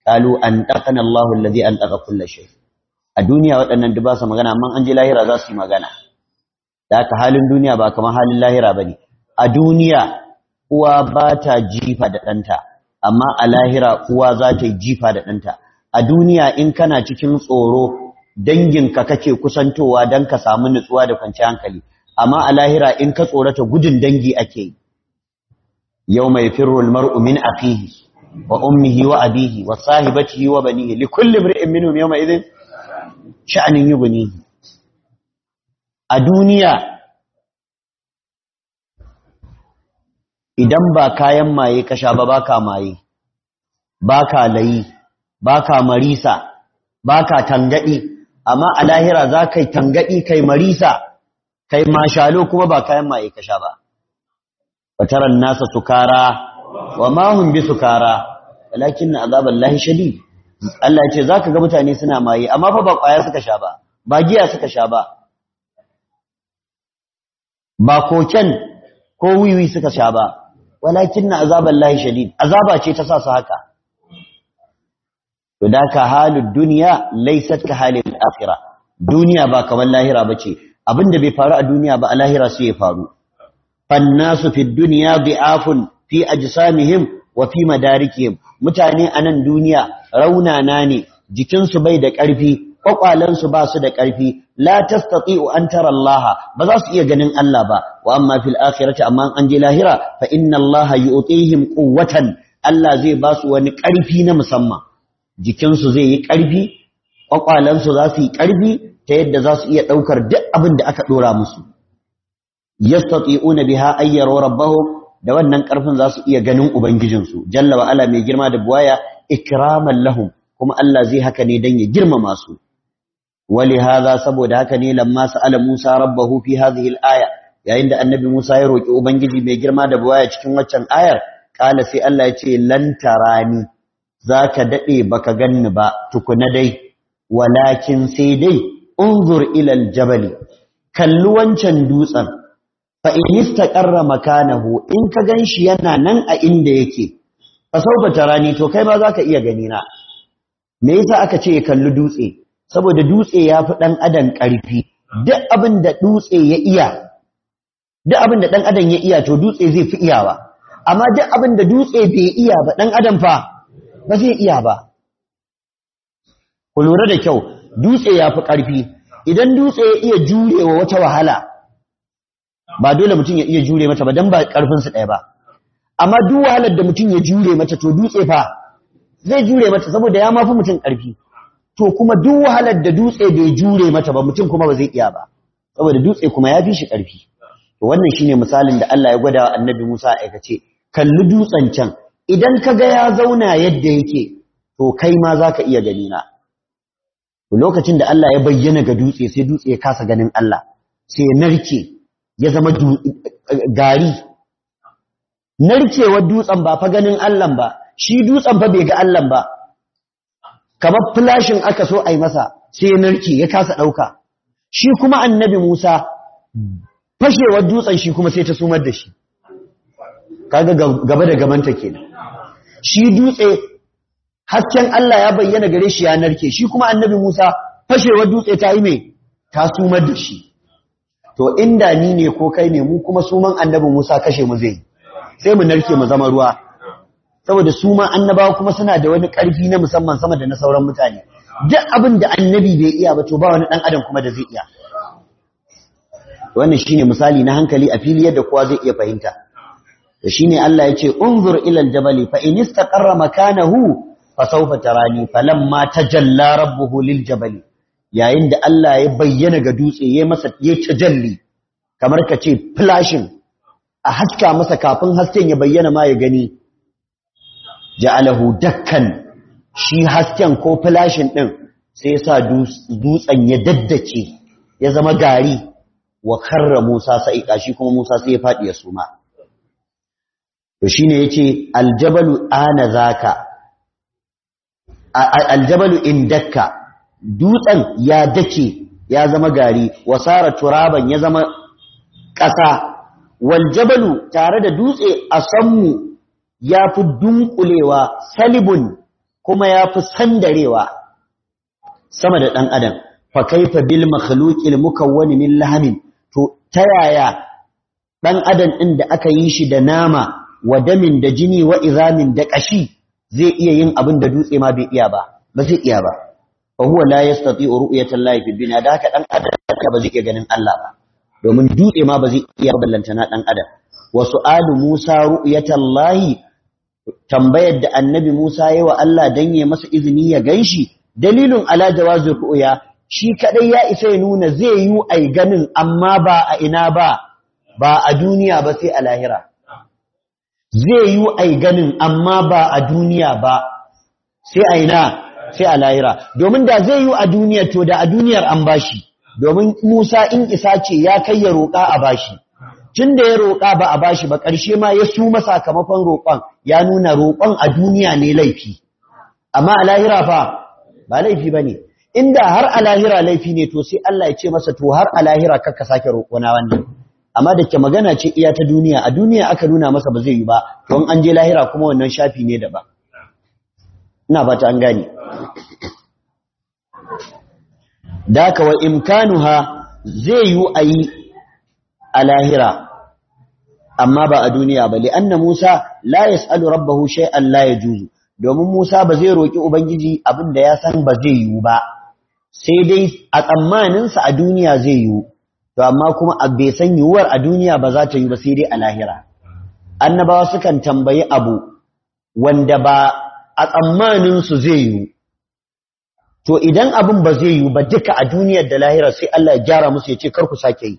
قالوا أنتقنا الله الذي أنتق كل شيء الدنيا وأن الدباسة مغانا من أنجي لاهرة ذاسي مغانا da halin duniya ba kamar halin lahira ba ne a duniya uwa ba ta jifa da ɗanta amma a lahira uwa za ta yi jifa da ɗanta a duniya in kana cikin tsoro danginka kake kusantowa don ka samu nutsuwa da kwanciyar hankali amma a lahira in ka tsorata gudun dangi ake yi yau mai firul mar'u min akihi wa ummihi wa abihi wa sahibatihi wa banihi li kulli imrin minhum yawma idhin sha'anin yughnihi a duniya idan ba kayan maye ka sha ba baka maye baka layi baka marisa baka tangadi amma a lahira za ka tangadi kai marisa kai mashalo kuma ba kayan maye ka sha ba fataran nasa sukara wa ma hum bi sukara walakin lahi shadid Allah ya ce ka ga mutane suna maye amma fa ba kwaya suka sha ba ba giya suka sha ba ba koken ko wiwi suka sha ba walakin na azaban lahi shadid azaba ce ta sa su haka to da ka halin duniya laisat ka halin akhira duniya ba kamar lahira bace abinda bai faru a duniya ba a lahira sai ya faru su fi bi bi'afun fi ajsamihim wa fi madarikihim mutane a nan duniya raunana ne jikinsu bai da ƙarfi kwakwalensu ba su da ƙarfi la tastati'u an tara Allah ba za su iya ganin Allah ba wa amma fil akhirati amma an je lahira fa inna Allah yu'tihim quwwatan Allah zai ba su wani ƙarfi na musamman jikinsu zai yi ƙarfi Ƙwaƙwalensu za su yi ƙarfi ta yadda za su iya ɗaukar duk abin da aka ɗora musu yastati'una biha ayyaru rabbahum da wannan ƙarfin za su iya ganin Ubangijinsu, jalla wa ala mai girma da buwaya, ikraman lahum, kuma Allah zai haka ne don ya girmama su. ولهذا سبود هكني لما سأل موسى ربه في هذه Aya, yayin da annabi Musa ya roki ubangiji mai girma da buwaya cikin waccan ayar kala sai Allah ya ce lan tarani zaka dade baka ganni ba tukuna dai walakin sai dai unzur ila aljabal kallu wancan dutsen fa in istaqarra makanahu in ka ganshi yana nan a inda yake fa sauka tarani to kai ma zaka iya gani na me yasa aka ce kallu dutse saboda dutse ya fi ɗan adam ƙarfi duk abin da dutse ya iya duk abin da ɗan adam ya iya to dutse zai fi iyawa amma duk abin da dutse bai iya ba ɗan adam fa ba zai iya ba ku lura da kyau dutse ya fi ƙarfi idan dutse ya iya jurewa wata wahala ba dole mutum ya iya jure mata ba don ba ƙarfinsu ɗaya ba amma duk wahalar da mutum ya jure mata to dutse fa zai jure mata saboda ya mafi mutum ƙarfi to kuma duk wahalar da dutse bai jure mata ba mutum kuma ba zai iya ba saboda dutse kuma ya fi shi ƙarfi to wannan shine misalin da Allah ya gwada annabi Musa aikace kalli dutsen can idan ka ga ya zauna yadda yake to kai ma zaka iya gani na lokacin da Allah ya bayyana ga dutse sai dutse ya kasa ganin Allah sai ya narke ya zama gari narkewar dutsen ba fa ganin Allah ba shi dutsen fa bai ga Allah ba kamar flashin aka so a yi masa sai narke ya kasa ɗauka shi kuma annabi Musa fashewar dutsen shi kuma sai ta sumar da shi kaga gaba da gabanta kenan shi dutse hasken Allah ya bayyana gare shi ya narke shi kuma annabi Musa fashewar dutse ta yi mai ta sumar da shi to inda ni ne ko kai ne mu kuma suman annabi Musa kashe mu zai sai mu narke mu zama ruwa saboda su ma annabawa kuma suna da wani ƙarfi na musamman sama da na sauran mutane duk abin da annabi bai iya ba to ba wani ɗan adam kuma da zai iya wannan shine misali na hankali a fili yadda kowa zai iya fahimta Da shine Allah ya ce unzur ila aljabali fa in istaqarra makanahu fa sawfa tarani falamma tajalla rabbuhu liljabali yayin da Allah ya bayyana ga dutse ya masa ya tajalli kamar ka ce flashing a haska masa kafin hasken ya bayyana ma ya gani ja'alahu dakkan shi hasken ko flashin din sai sa dutsen ya daddace ya zama gari wa karra Musa sai shi kuma Musa sai ya fadi ya suma to shine yace aljabalu ana zaka aljabalu indakka dutsen ya dake ya zama gari wasara turaban ya zama ƙasa waljabalu tare da dutse a sammu ya fi dunkulewa salibun kuma ya fi sandarewa sama da ɗan adam fa kaifa bil makhluqil mukawwani min lahamin to ta yaya ɗan adam ɗin da aka yi shi da nama wa damin da jini wa izamin da ƙashi zai iya yin abin da dutse ma bai iya ba ba zai iya ba fa huwa la yastati'u ru'yatan lahi fid dunya da haka ɗan adam ba zai iya ganin Allah ba domin dutse ma ba zai iya ballantana ɗan adam wa su'alu Musa ru'yatan lahi tambayar da annabi Musa ya wa Allah dan yi masa izini ya ganshi dalilin ala jawazir ru'ya shi kadai ya isa ya nuna zai yi ai ganin amma ba a ina ba ba a duniya ba sai a lahira zai yi ai ganin amma ba a duniya ba sai a ina sai a lahira domin da zai yi a duniya to da a duniyar an bashi domin Musa in isa ce ya kai ya roƙa a bashi tun da ya roƙa ba a bashi ba ƙarshe ma ya suma sakamakon roƙon ya nuna roƙon a duniya ne laifi amma a lahira fa ba laifi ba ne inda har a lahira laifi ne to sai Allah ya ce masa to har a lahira kakka sake roƙona wannan amma da ke magana ce iya ta duniya a duniya aka nuna masa ba zai yi ba don an je lahira kuma wannan shafi ne daban ina fata an gane da ka wa imkanuha zai yi a lahira amma ba a duniya ba li Musa la yasalu rabbahu shay'an la yajuzu domin Musa ba zai roki ubangiji abinda da ya san ba zai yiwu ba sai dai a tsammanin sa a duniya zai yiwu to amma kuma a bai san yiwuwar a duniya ba za ta yiwu ba sai dai a lahira annabawa sukan tambayi abu wanda ba a tsammanin su zai yiwu to idan abin ba zai yiwu ba duka a duniyar da lahira sai Allah ya gyara musu ya ce kar ku sake yi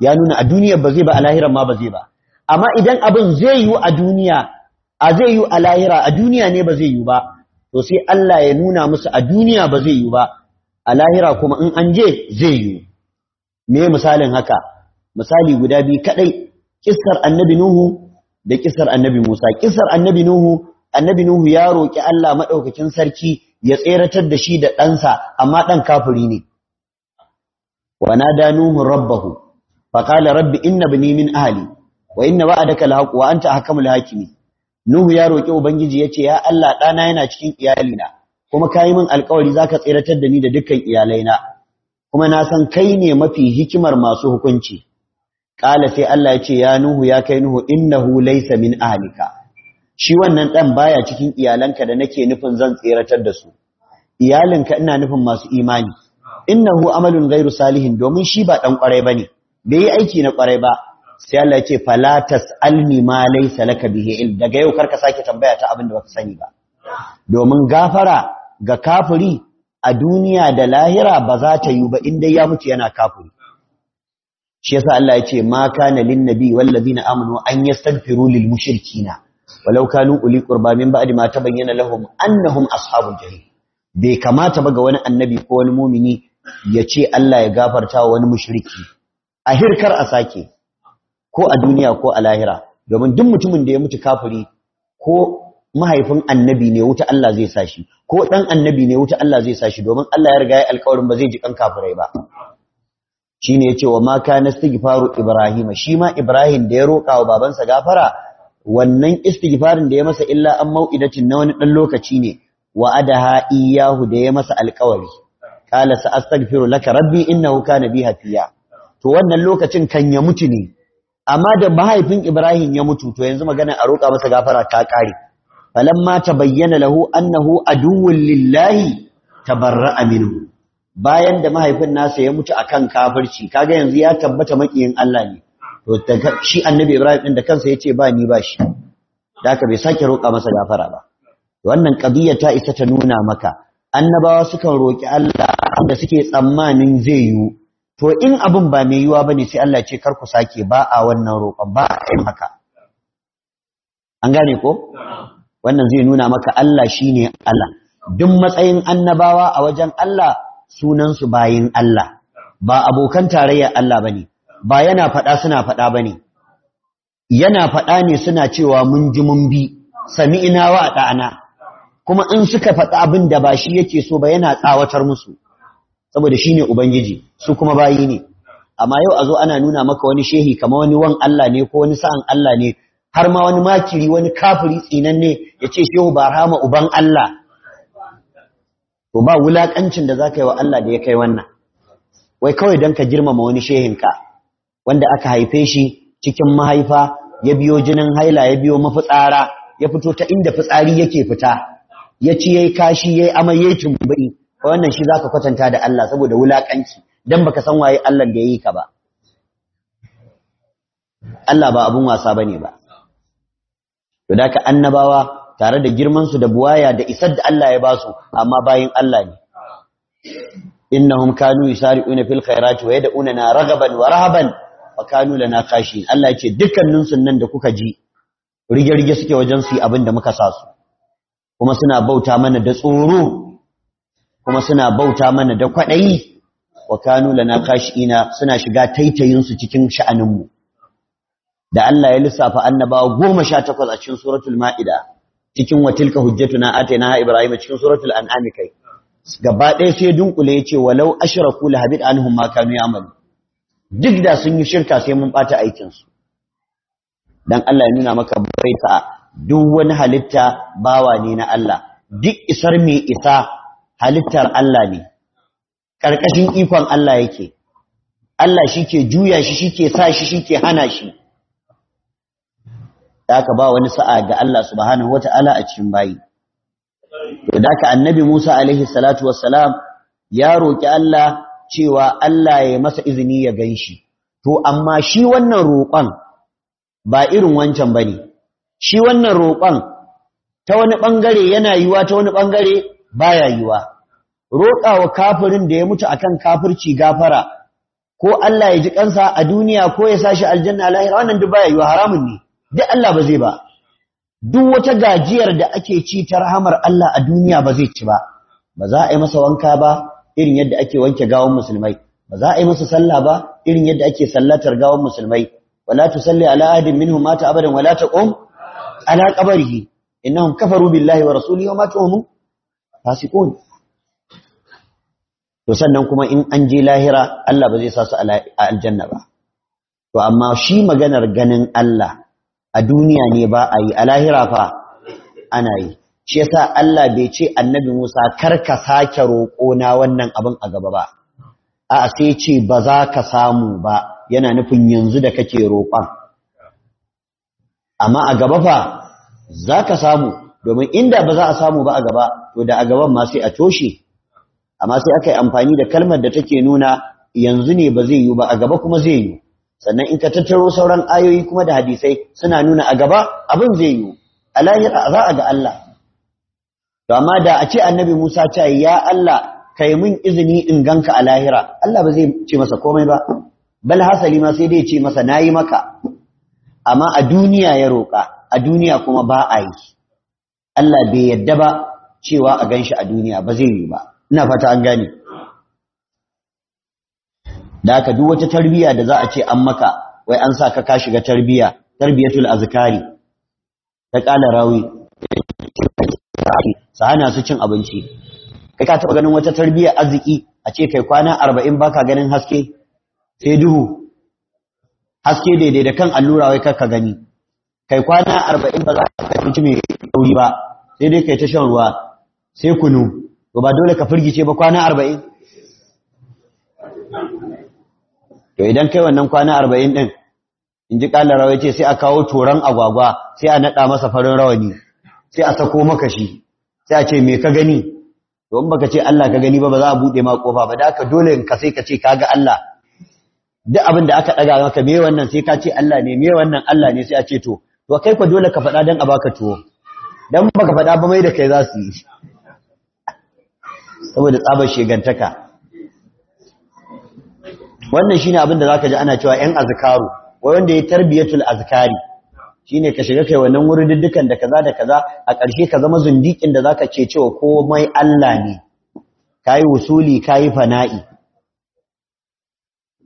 ya nuna a duniyar ba zai ba a lahira ma ba zai ba amma idan abin zai yiwu a duniya a zai yiwu a lahira a duniya ne ba zai yiwu ba to sai Allah ya nuna musu a duniya ba zai yiwu ba a lahira kuma in an je zai yiwu me misalin haka misali guda biyu kadai kissar annabi nuhu da kissar annabi musa kissar annabi nuhu annabi nuhu ya roki Allah madaukakin sarki ya tseratar da shi da ɗansa amma ɗan kafiri ne wa nada nuhu rabbahu qala rabbi inna bani min ahli wa inna wa'adaka alhaq wa anta ahkamul hakimi nuhu ya roki ubangiji yace ya Allah dana yana cikin iyalina kuma kai min alƙawari zaka tsiratar da ni da dukkan iyalaina kuma na san kai ne mafi hikimar masu hukunci kala sai Allah yace ya nuhu ya kai nuhu innahu laysa min ahlika shi wannan dan baya cikin iyalanka da nake nufin zan tsiratar da su iyalinka ina nufin masu imani innahu amalun ghairu salihin domin shi ba dan kwarai bane bai yi aiki na kwarai ba sai Allah ya ce Falatas almi ma laysa laka bihi il daga yau karka sake tambaya ta abin da baka sani ba domin gafara ga kafiri a duniya da lahira ba za ta yi ba indai ya mutu yana kafiri shi yasa Allah ya ce ma kana lin nabi wal ladina amanu an yastaghfiru lil mushrikina walau kanu uli qurba min ba'di ma tabayyana lahum annahum ashabul jahim bai kamata ba ga wani annabi ko wani mumini ya ce Allah ya gafarta wa wani mushriki a hirkar a sake ko a duniya ko a lahira domin duk mutumin da ya mutu kafiri ko mahaifin annabi ne wuta Allah zai sa ko dan annabi ne wuta Allah zai sashi, domin Allah ya riga ya alƙawarin ba zai ji kan kafirai ba shine yace wa ma kana istighfaru ibrahim shi ma ibrahim da ya roka wa babansa gafara wannan istighfarin da ya masa illa an mau'idatin na wani dan lokaci ne wa adaha iyahu da ya masa alƙawari qala sa astaghfiru laka rabbi innahu kana bi hafiya to wannan lokacin kan ya mutu ne amma da mahaifin Ibrahim ya mutu to yanzu magana a roƙa masa gafara ta ƙare falamma bayyana lahu annahu aduwwun lillahi tabarra'a minhu bayan da mahaifin nasa ya mutu akan kafirci kaga yanzu ya tabbata makiyin Allah ne to shi annabi Ibrahim din da kansa yace ba ni ba shi da bai sake roƙa masa gafara ba wannan qadiyya ta isa ta nuna maka annabawa sukan roƙi Allah da suke tsammanin zai yiwu to in abin ba mai yiwuwa bane sai Allah ce kar ku sake ba a wannan roƙon ba a haka an gane ko wannan zai nuna maka Allah shine Allah duk matsayin annabawa a wajen Allah sunan su bayin Allah ba abokan tarayyar Allah bane ba yana faɗa suna faɗa bane yana faɗa ne suna cewa mun ji mun bi sami'ina wa da'ana kuma in suka faɗa abin da ba shi yake so ba yana tsawatar musu saboda shi ne ubangiji su kuma bayi ne amma yau a zo ana nuna maka wani shehi kama wani wan Allah ne ko wani sa'an Allah ne har ma wani makiri wani kafiri tsinanne ya ce shehu ba rama uban Allah to ba wulakancin da ka yi wa Allah da ya kai wannan wai kawai don ka girmama wani shehinka wanda aka haife shi cikin mahaifa ya biyo jinin haila ya biyo mafitsara ya fito ta inda fitsari yake fita ya ci yayi kashi yayi amai yayi tumbai wannan shi zaka kwatanta da Allah saboda wulakanci dan baka san waye Allah da yayi ka ba Allah ba abun wasa bane ba to daka annabawa tare da girman su da buwaya da isar da Allah ya ba su amma bayin Allah ne innahum kanu yusari'una fil khairati wa yad'una ragaban wa rahaban wa kanu lana qashin Allah ya ce dukkanin nan da kuka ji rige-rige suke wajen su abin da muka sa su kuma suna bauta mana da tsoro kuma suna bauta mana da kwaɗayi wa kanu lana khashiina suna shiga taitayinsu cikin sha'anin mu. da Allah ya lissafa annabawa goma sha takwas a cikin suratul ma'ida cikin watilka tilka hujjatuna atayna ibrahima cikin suratul an'am kai gaba ɗaya sai dunkule yace walau ashraku la habid anhum ma kanu ya'malu duk da sun yi shirka sai mun bata aikin su dan Allah ya nuna maka bai duk wani halitta bawa ne na Allah duk isar mai isa halittar Allah ne ƙarƙashin ikon Allah yake Allah shi ke juya shi shi ke sa shi shi ke hana shi da aka ba wani sa'a ga Allah subhanahu ta'ala a cikin bayi to da aka annabi Musa alaihi salatu wassalam ya roƙi Allah cewa Allah ya masa izini ya shi to amma shi wannan roƙon ba irin wancan ba ne, shi wannan roƙon ta wani ɓangare yana yiwa ta wani bangare baya yiwa roƙawa kafirin da ya mutu akan kafirci gafara ko Allah ya ji kansa a duniya ko ya sashi aljanna lahira wannan duk baya yiwa haramun ne duk Allah ba zai ba duk wata gajiyar da ake ci ta rahamar Allah a duniya ba zai ci ba ba za a yi masa wanka ba irin yadda ake wanke gawon musulmai ba za a yi masa sallah ba irin yadda ake sallatar gawon musulmai wala tusalli ala ahadin minhum mata abadan wala taqum ala qabrihi innahum kafaru billahi wa rasulihi wa matu hum fasiqun to sannan kuma in an je lahira Allah ba zai sa su a aljanna ba to amma shi maganar ganin Allah a duniya ne ba a yi a lahira fa ana yi shi yasa Allah bai ce annabi Musa kar ka sake roƙo na wannan abin a gaba ba a sai ce ba za ka samu ba yana nufin yanzu da kake roƙon amma a gaba fa za ka samu domin inda ba za a samu ba a gaba to da a gaban ma sai a toshe amma sai aka yi amfani da kalmar da take nuna yanzu ne ba zai yi ba a gaba kuma zai yi sannan in ka tattaro sauran ayoyi kuma da hadisai suna nuna a gaba abin zai yi a lahira za a ga Allah to amma da a ce annabi Musa ce ya Allah kai mun izini in ganka a lahira Allah ba zai ce masa komai ba bal hasali ma sai dai ce masa nayi maka amma a duniya ya roka a duniya kuma ba a yi Allah bai yadda ba cewa a ganshi a duniya ba zai yi ba ina fata an gane da aka duk wata tarbiya da za a ce an maka wai an sa ka ka shiga tarbiya tarbiyatul azkari ta kala rawi sa hana su cin abinci kai ka taɓa ganin wata tarbiya arziki a ce kai kwana arba'in baka ganin haske sai duhu haske daidai da kan allura wai ka gani kai kwana arba'in ba za ka ci mai ɗauri ba sai dai kai ta shan ruwa sai kunu to ba dole ka firgice ba kwana arba'in to idan kai wannan kwana arba'in ɗin in ji ƙalar ce sai a kawo toron agwagwa sai a naɗa masa farin rawani sai a sako maka shi sai a ce me ka gani to in baka ce Allah ka gani ba ba za a buɗe ma kofa ba da haka dole in ka sai ka ce ka ga Allah duk abin da aka ɗaga maka me wannan sai ka ce Allah ne me wannan Allah ne sai a ce to to kai ka dole ka faɗa dan a baka tuwo dan baka faɗa ba mai da kai za su yi saboda tsabar shegantaka wannan shine abin da zaka ji ana cewa yan azkaru wai wanda ya tarbiyatul azkari shine ka shiga kai wannan wurin dukkan da kaza da kaza a ƙarshe ka zama zundikin da zaka ce cewa komai Allah ne kai usuli kai fana'i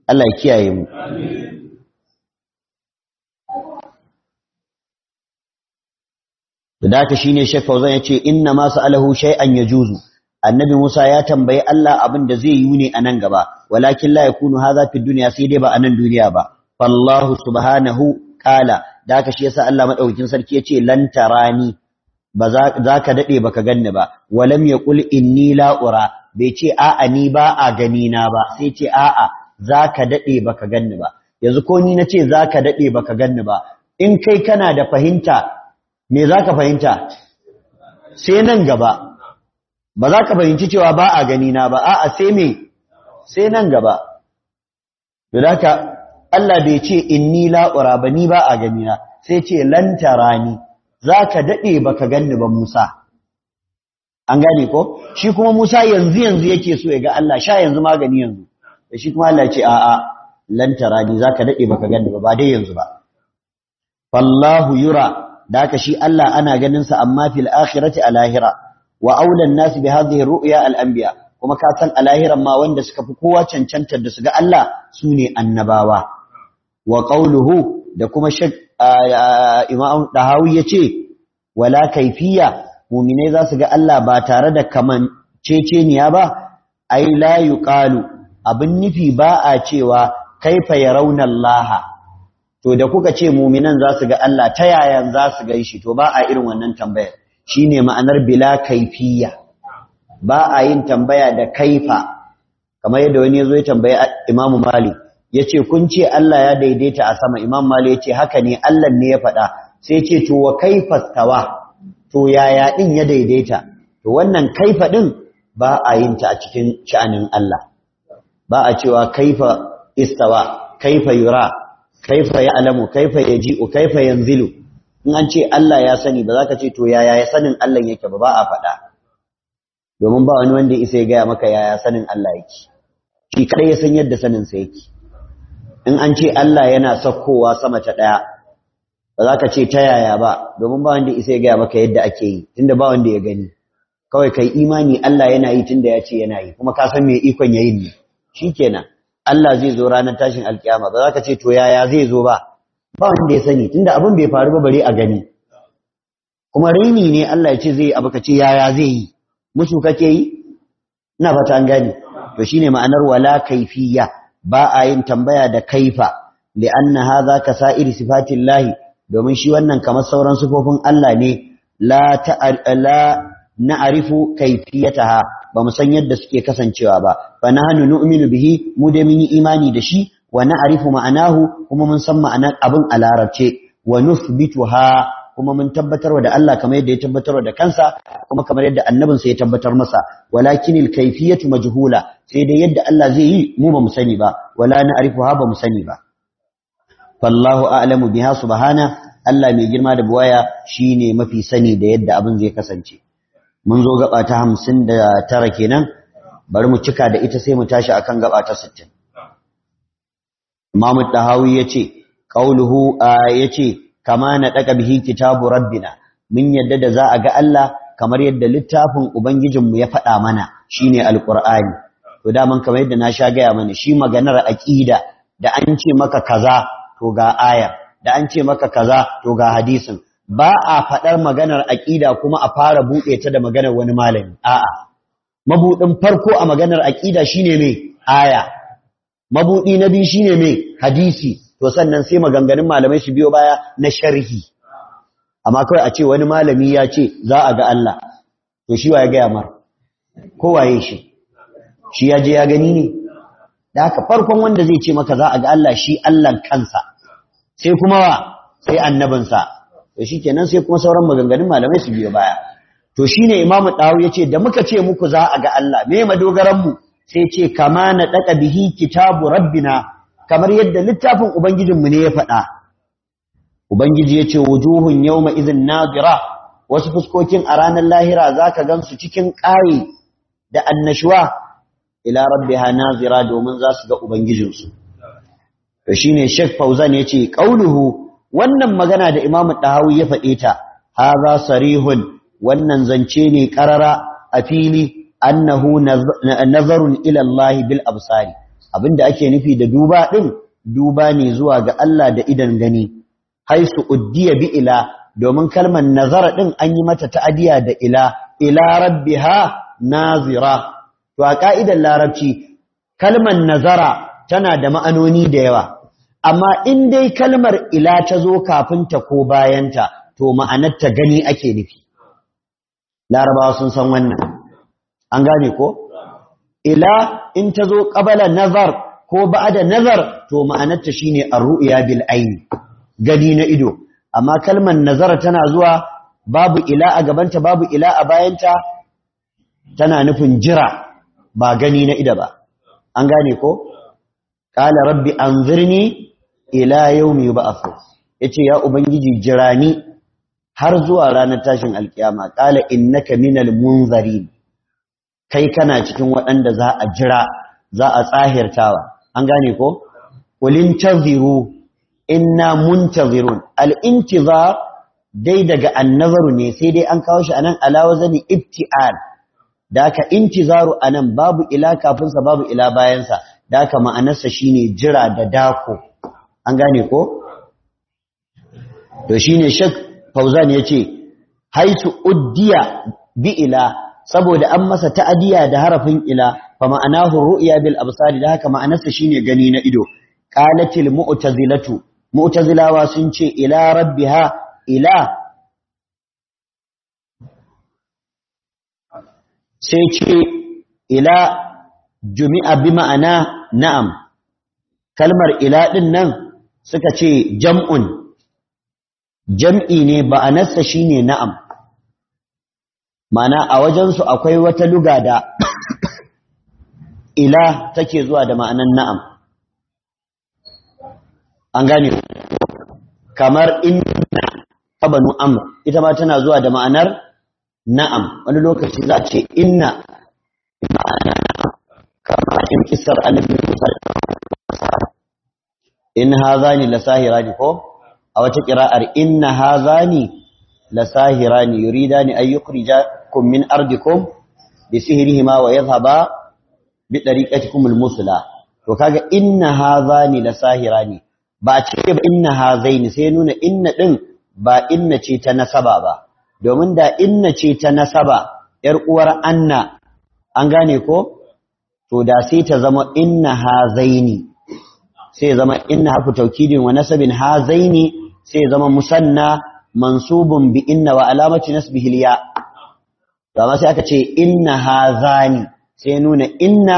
Allah ya kiyaye mu amin da haka shine shekau zan yace inna ma sa'alahu shay'an yajuzu annabi Musa ya tambayi Allah abin da zai yi ne a nan gaba walakin la yakunu hadha fi dunya sai dai ba a nan duniya ba fallahu subhanahu qala da aka shi yasa Allah maɗaukin sarki yace lan tarani ba za ka dade baka ganni ba walam ya yaqul inni la ura bai ce a'a ni ba a gani na ba sai ce a'a za ka dade baka ganni ba yanzu ko ni nace za ka dade baka ganni ba in kai kana da fahimta me za ka fahimta sai nan gaba ba za ka fahimci cewa ba a gani na ba a'a sai me sai nan gaba to haka Allah bai ce inni la ura ba ni ba a gani na sai ce lan tarani zaka dade baka ganni ba Musa an gane ko shi kuma Musa yanzu yanzu yake so ya ga Allah sha yanzu magani yanzu da shi kuma Allah ya ce a'a lan tarani zaka dade baka ganni ba ba dai yanzu ba fallahu yura da haka shi Allah ana ganin sa amma fil akhirati a lahira wa aulan nasi bi hadhihi ru'ya al-anbiya kuma ka san alahiran ma wanda suka fi kowa cancantar da su ga Allah Sune annabawa wa qawluhu da kuma imam dahawi yace wala kaifiya mu'minai za su ga Allah ba tare da kaman ceceniya ba ai la yuqalu abin nufi ba a cewa kaifa raunan Allah to da kuka ce mu'minan za su ga Allah ta yayan za su gaishi to ba a irin wannan tambayar shine ma'anar bila kaifiyya ba a yin tambaya da kaifa kamar yadda wani yazo ya tambayi Imam Malik yace kun ce Allah ya daidaita a sama Imam Malik yace haka ne Allah ne ya faɗa sai yace to wa kaifa tawa to yaya din ya daidaita to wannan kaifa din ba a yin ta a cikin sha'anin Allah ba a cewa kaifa istawa kaifa yura kaifa alamu kaifa yaji'u kaifa yanzilu in an ce Allah ya sani ba za ka ce to yaya ya sanin Allah yake ba ba a faɗa domin ba wani wanda isa ya gaya maka yaya sanin Allah yake shi kadai ya san yadda sanin sa yake in an ce Allah yana sakkowa sama ta ɗaya ba za ka ce ta yaya ba domin ba wanda isa ya gaya maka yadda ake yi tunda ba wanda ya gani kawai kai imani Allah yana yi tunda ya ce yana yi kuma ka san me ikon yayin ne shikenan Allah zai zo ranar tashin alkiyama ba za ka ce to yaya zai zo ba ba wanda ya sani tunda abin bai faru ba bare a gani kuma raini ne Allah ya ce zai abu ka ce yaya zai yi musu kake yi ina fata an gane to shine ma'anar wala kaifiya ba a yin tambaya da kaifa li anna hadha ka sa'iri sifatillahi domin shi wannan kamar sauran sifofin Allah ne la ta'ala na'rifu kaifiyataha ba mu san yadda suke kasancewa ba fa nahnu nu'minu bihi mu da mun yi imani da shi wa na'rifu ma'anahu kuma mun san ma'anar abin a larabce wa nuthbituha kuma mun tabbatarwa da Allah kamar yadda ya tabbatarwa da kansa kuma kamar yadda annabinsa ya tabbatar masa walakinil kayfiyatu majhula sai dai yadda Allah zai yi mu ba mu sani ba wala na'rifuha ba mu sani ba fallahu a'lamu biha subhana Allah mai girma da buwaya shine mafi sani da yadda abin zai kasance mun zo gaba ta 59 kenan bari mu cika da ita sai mu tashi akan gaba ta 60 Imam Tahawi yace qauluhu yace kama na daka bihi kitabu rabbina mun yadda da za a ga Allah kamar yadda littafin ubangijinmu ya faɗa mana shine alqur'ani to da mun kamar yadda na sha gaya mana shi maganar aqida da an ce maka kaza to ga aya da an ce maka kaza to ga hadisin ba a faɗar maganar aƙida kuma a fara buɗe ta da maganar wani malami a'a mabudin farko a maganar aƙida shine ne aya mabudi na biyu shine mai hadisi to sannan sai maganganun malamai su biyo baya na sharhi amma kawai a ce wani malami ya ce za a ga Allah to shi wa ya yamar ko waye shi shi ya je ya gani ne da haka farkon wanda zai ce maka za a ga Allah shi allah kansa sai kuma wa sai annabinsa to shi kenan sai kuma sauran maganganun malamai su biyo baya to shine imamu dawo ce da muka ce muku za a ga Allah me madogaran mu sai ce kama na ɗaga bihi kitabu rabbina kamar yadda littafin ubangijinmu ne ya faɗa ubangiji ya ce wujuhun izin na gira wasu fuskokin a ranar lahira za zaka gansu cikin ƙari da annashuwa ila Rabbi rabbiha nazira domin za su ga ubangijinsu to shi ne shek Fauzan ya ce ƙaunuhu wannan magana da Imam Dahawi ya faɗe ta haza sarihun wannan zance ne ƙarara a fili annahu nazarun ila Allah bil absari abinda ake nufi da duba din duba ne zuwa ga Allah da idan gani haisu uddiya bi ila domin kalmar nazara din an yi mata ta'adiya da ila ila rabbiha nazira to a ka'idar larabci kalmar nazara tana da ma'anoni da yawa amma in dai kalmar ila ta zo kafin ta ko bayanta to ma'anar ta gani ake nufi larabawa sun san wannan an gane ko ila in ta zo ƙabala nazar ko da nazar to ma'anarta shine ar-ru'ya bil aini gani na ido amma kalmar nazar tana zuwa babu ila a gabanta babu ila a bayanta tana nufin jira ba gani na ido ba an gane ko Ƙala rabbi anzirni ila yawmi yub'athu yace ya ubangiji jira ni. har zuwa ranar tashin alkiyama qala innaka minal munzirin kai kana cikin waɗanda za a jira za a tsahirtawa an gane ko ulin taziru inna muntazirun al-intizar dai daga annazaru ne sai dai an kawo shi anan ala wazani ibtial da haka intizaru anan babu ila kafin sa babu ila bayan sa da ka ma'anarsa shine jira da dako an gane ko to shine shak fauzan yace haitu uddiya bi ila saboda an masa ta'adiya da harafin ila fa ma'anahu ru'ya bil absari da haka ma'anarsa shine gani na ido qalatil mu'tazilatu mu'tazilawa sun ce ila rabbiha ila sai ce ila jumi'a bi ma'ana na'am kalmar ila din nan suka ce jam'un jam'i ne ba'anarsa shine na'am mana a wajensu akwai wata luga da *coughs* ila take zuwa da ma'anan na'am an gane kamar inna banu amr ita ma tana zuwa da ma'anar na'am wani lokaci za a ce inna ma'ana kamar in kisar alif ne in hazani la sahirani ko a wata kira'ar inna hazani Lasahira lasahirani yuridani an yukhrijakum min ardikum bi sihrihima wa yadhhaba bi tariqatikum almusla to kaga inna hadhani lasahirani ba ce ba inna hazaini sai nuna inna din ba inna ce ta nasaba ba domin da inna ce ta nasaba yar uwar anna an gane ko to da sai ta zama inna hazaini sai zama inna ku taukidin wa nasabin hazaini sai zama musanna Mansubin bi inna wa alamati nasbihi to amma sai aka ce inna hazani sai nuna inna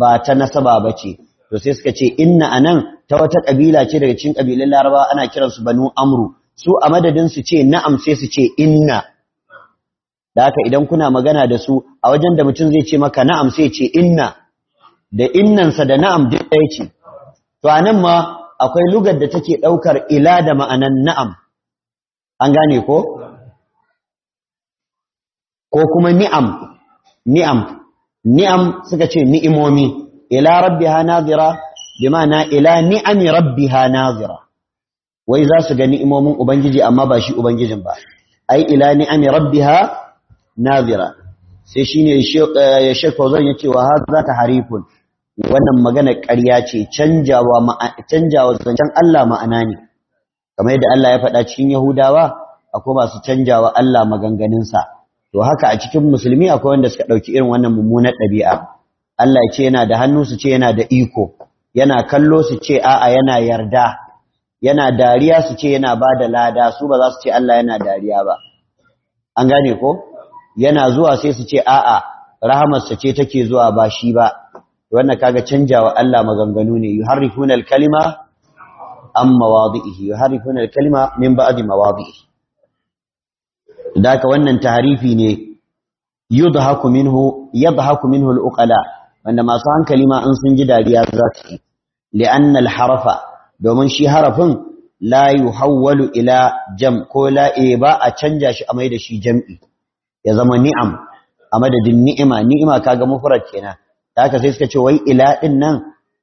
ba ta nasaba bace to sai suka ce inna anan ta wata kabila ce daga cikin kabilan Laraba ana kiransu Banu Amru su a madadin su ce na'am sai su ce inna da haka idan kuna magana da su a wajen da mutum zai ce maka na'am sai ce inna da innansa da na'am duk ɗaya ce to anan ma akwai lugar da take ɗaukar ila da ma'anan na'am an gane ko ko kuma ni'am ni'am ni'am suka ce ni'imomi ila rabbiha nazira ma'ana ila ni'ami rabbiha nazira wai za su ga ni'imomin ubangiji amma ba shi ubangijin ba ai ila ni'ami rabbiha nazira sai shine Sheikh eh, zan yace wa hadza taharifun wannan magana ƙarya ce canjawa canjawa zancan Allah ma'ana ne kamar yadda Allah ya faɗa cikin Yahudawa akwai masu canjawa Allah maganganunsa to haka a cikin musulmi akwai wanda suka ɗauki irin wannan mummunar ɗabi'a Allah ya ce yana da hannu su ce yana da iko yana kallo su ce a'a yana yarda yana dariya su ce yana ba da lada su ba za su ce Allah yana dariya ba an gane ko yana zuwa sai su ce a'a rahamarsa ce take zuwa ba shi ba wannan kaga canjawa Allah maganganu ne yuharrifuna kalima an mawadihi yuharifuna al-kalima min ba'di Da daka wannan tarifi ne yudhaku minhu yadhaku minhu al-uqala wanda masu hankali ma in sun ji dariya za su yi li'anna al-harafa domin shi harafin la yuhawwalu ila jam ko la eh, ba a canja shi a mai da shi jam'i ya zama ni'am a madadin ni'ima ni'ima kaga mufrad kenan haka sai suka ce wai ila din nan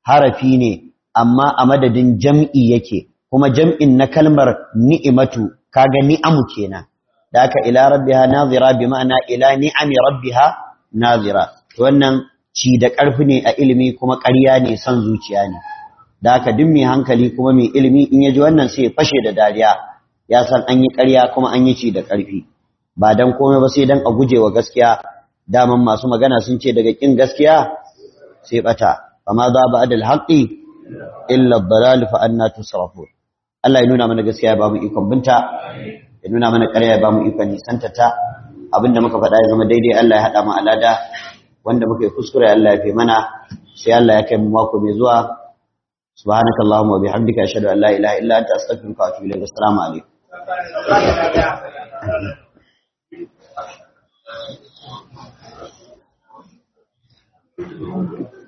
harafi ne amma a madadin jam'i yake kuma jam'in na kalmar ni'imatu kaga ni'amu kenan da aka ila rabbiha nazira bi ma'ana ila ni'ami rabbiha nazira wannan ci da ƙarfi ne a ilimi kuma ƙarya ne son zuciya ne da aka duk mai hankali kuma mai ilimi in ya ji wannan sai fashe da dariya ya san an yi ƙarya kuma an yi ci da ƙarfi ba dan komai ba sai don a guje wa gaskiya daman masu magana sun ce daga ƙin gaskiya sai bata amma za ba adal illa dhalal fa anna tusrafun Allah ya nuna mana gaskiya ya ba mu ikon binta ya nuna mana ƙarya ya ba mu ikon nisanta ta abinda muka faɗa ya zama daidai Allah ya haɗa mu alada wanda muka kuskure Allah ya fi mana sai Allah ya kai mu mako mai zuwa subhanakallahumma wa bihamdika ashhadu an la ilaha illa anta astaghfiruka wa atubu ilayk assalamu alaikum Thank you.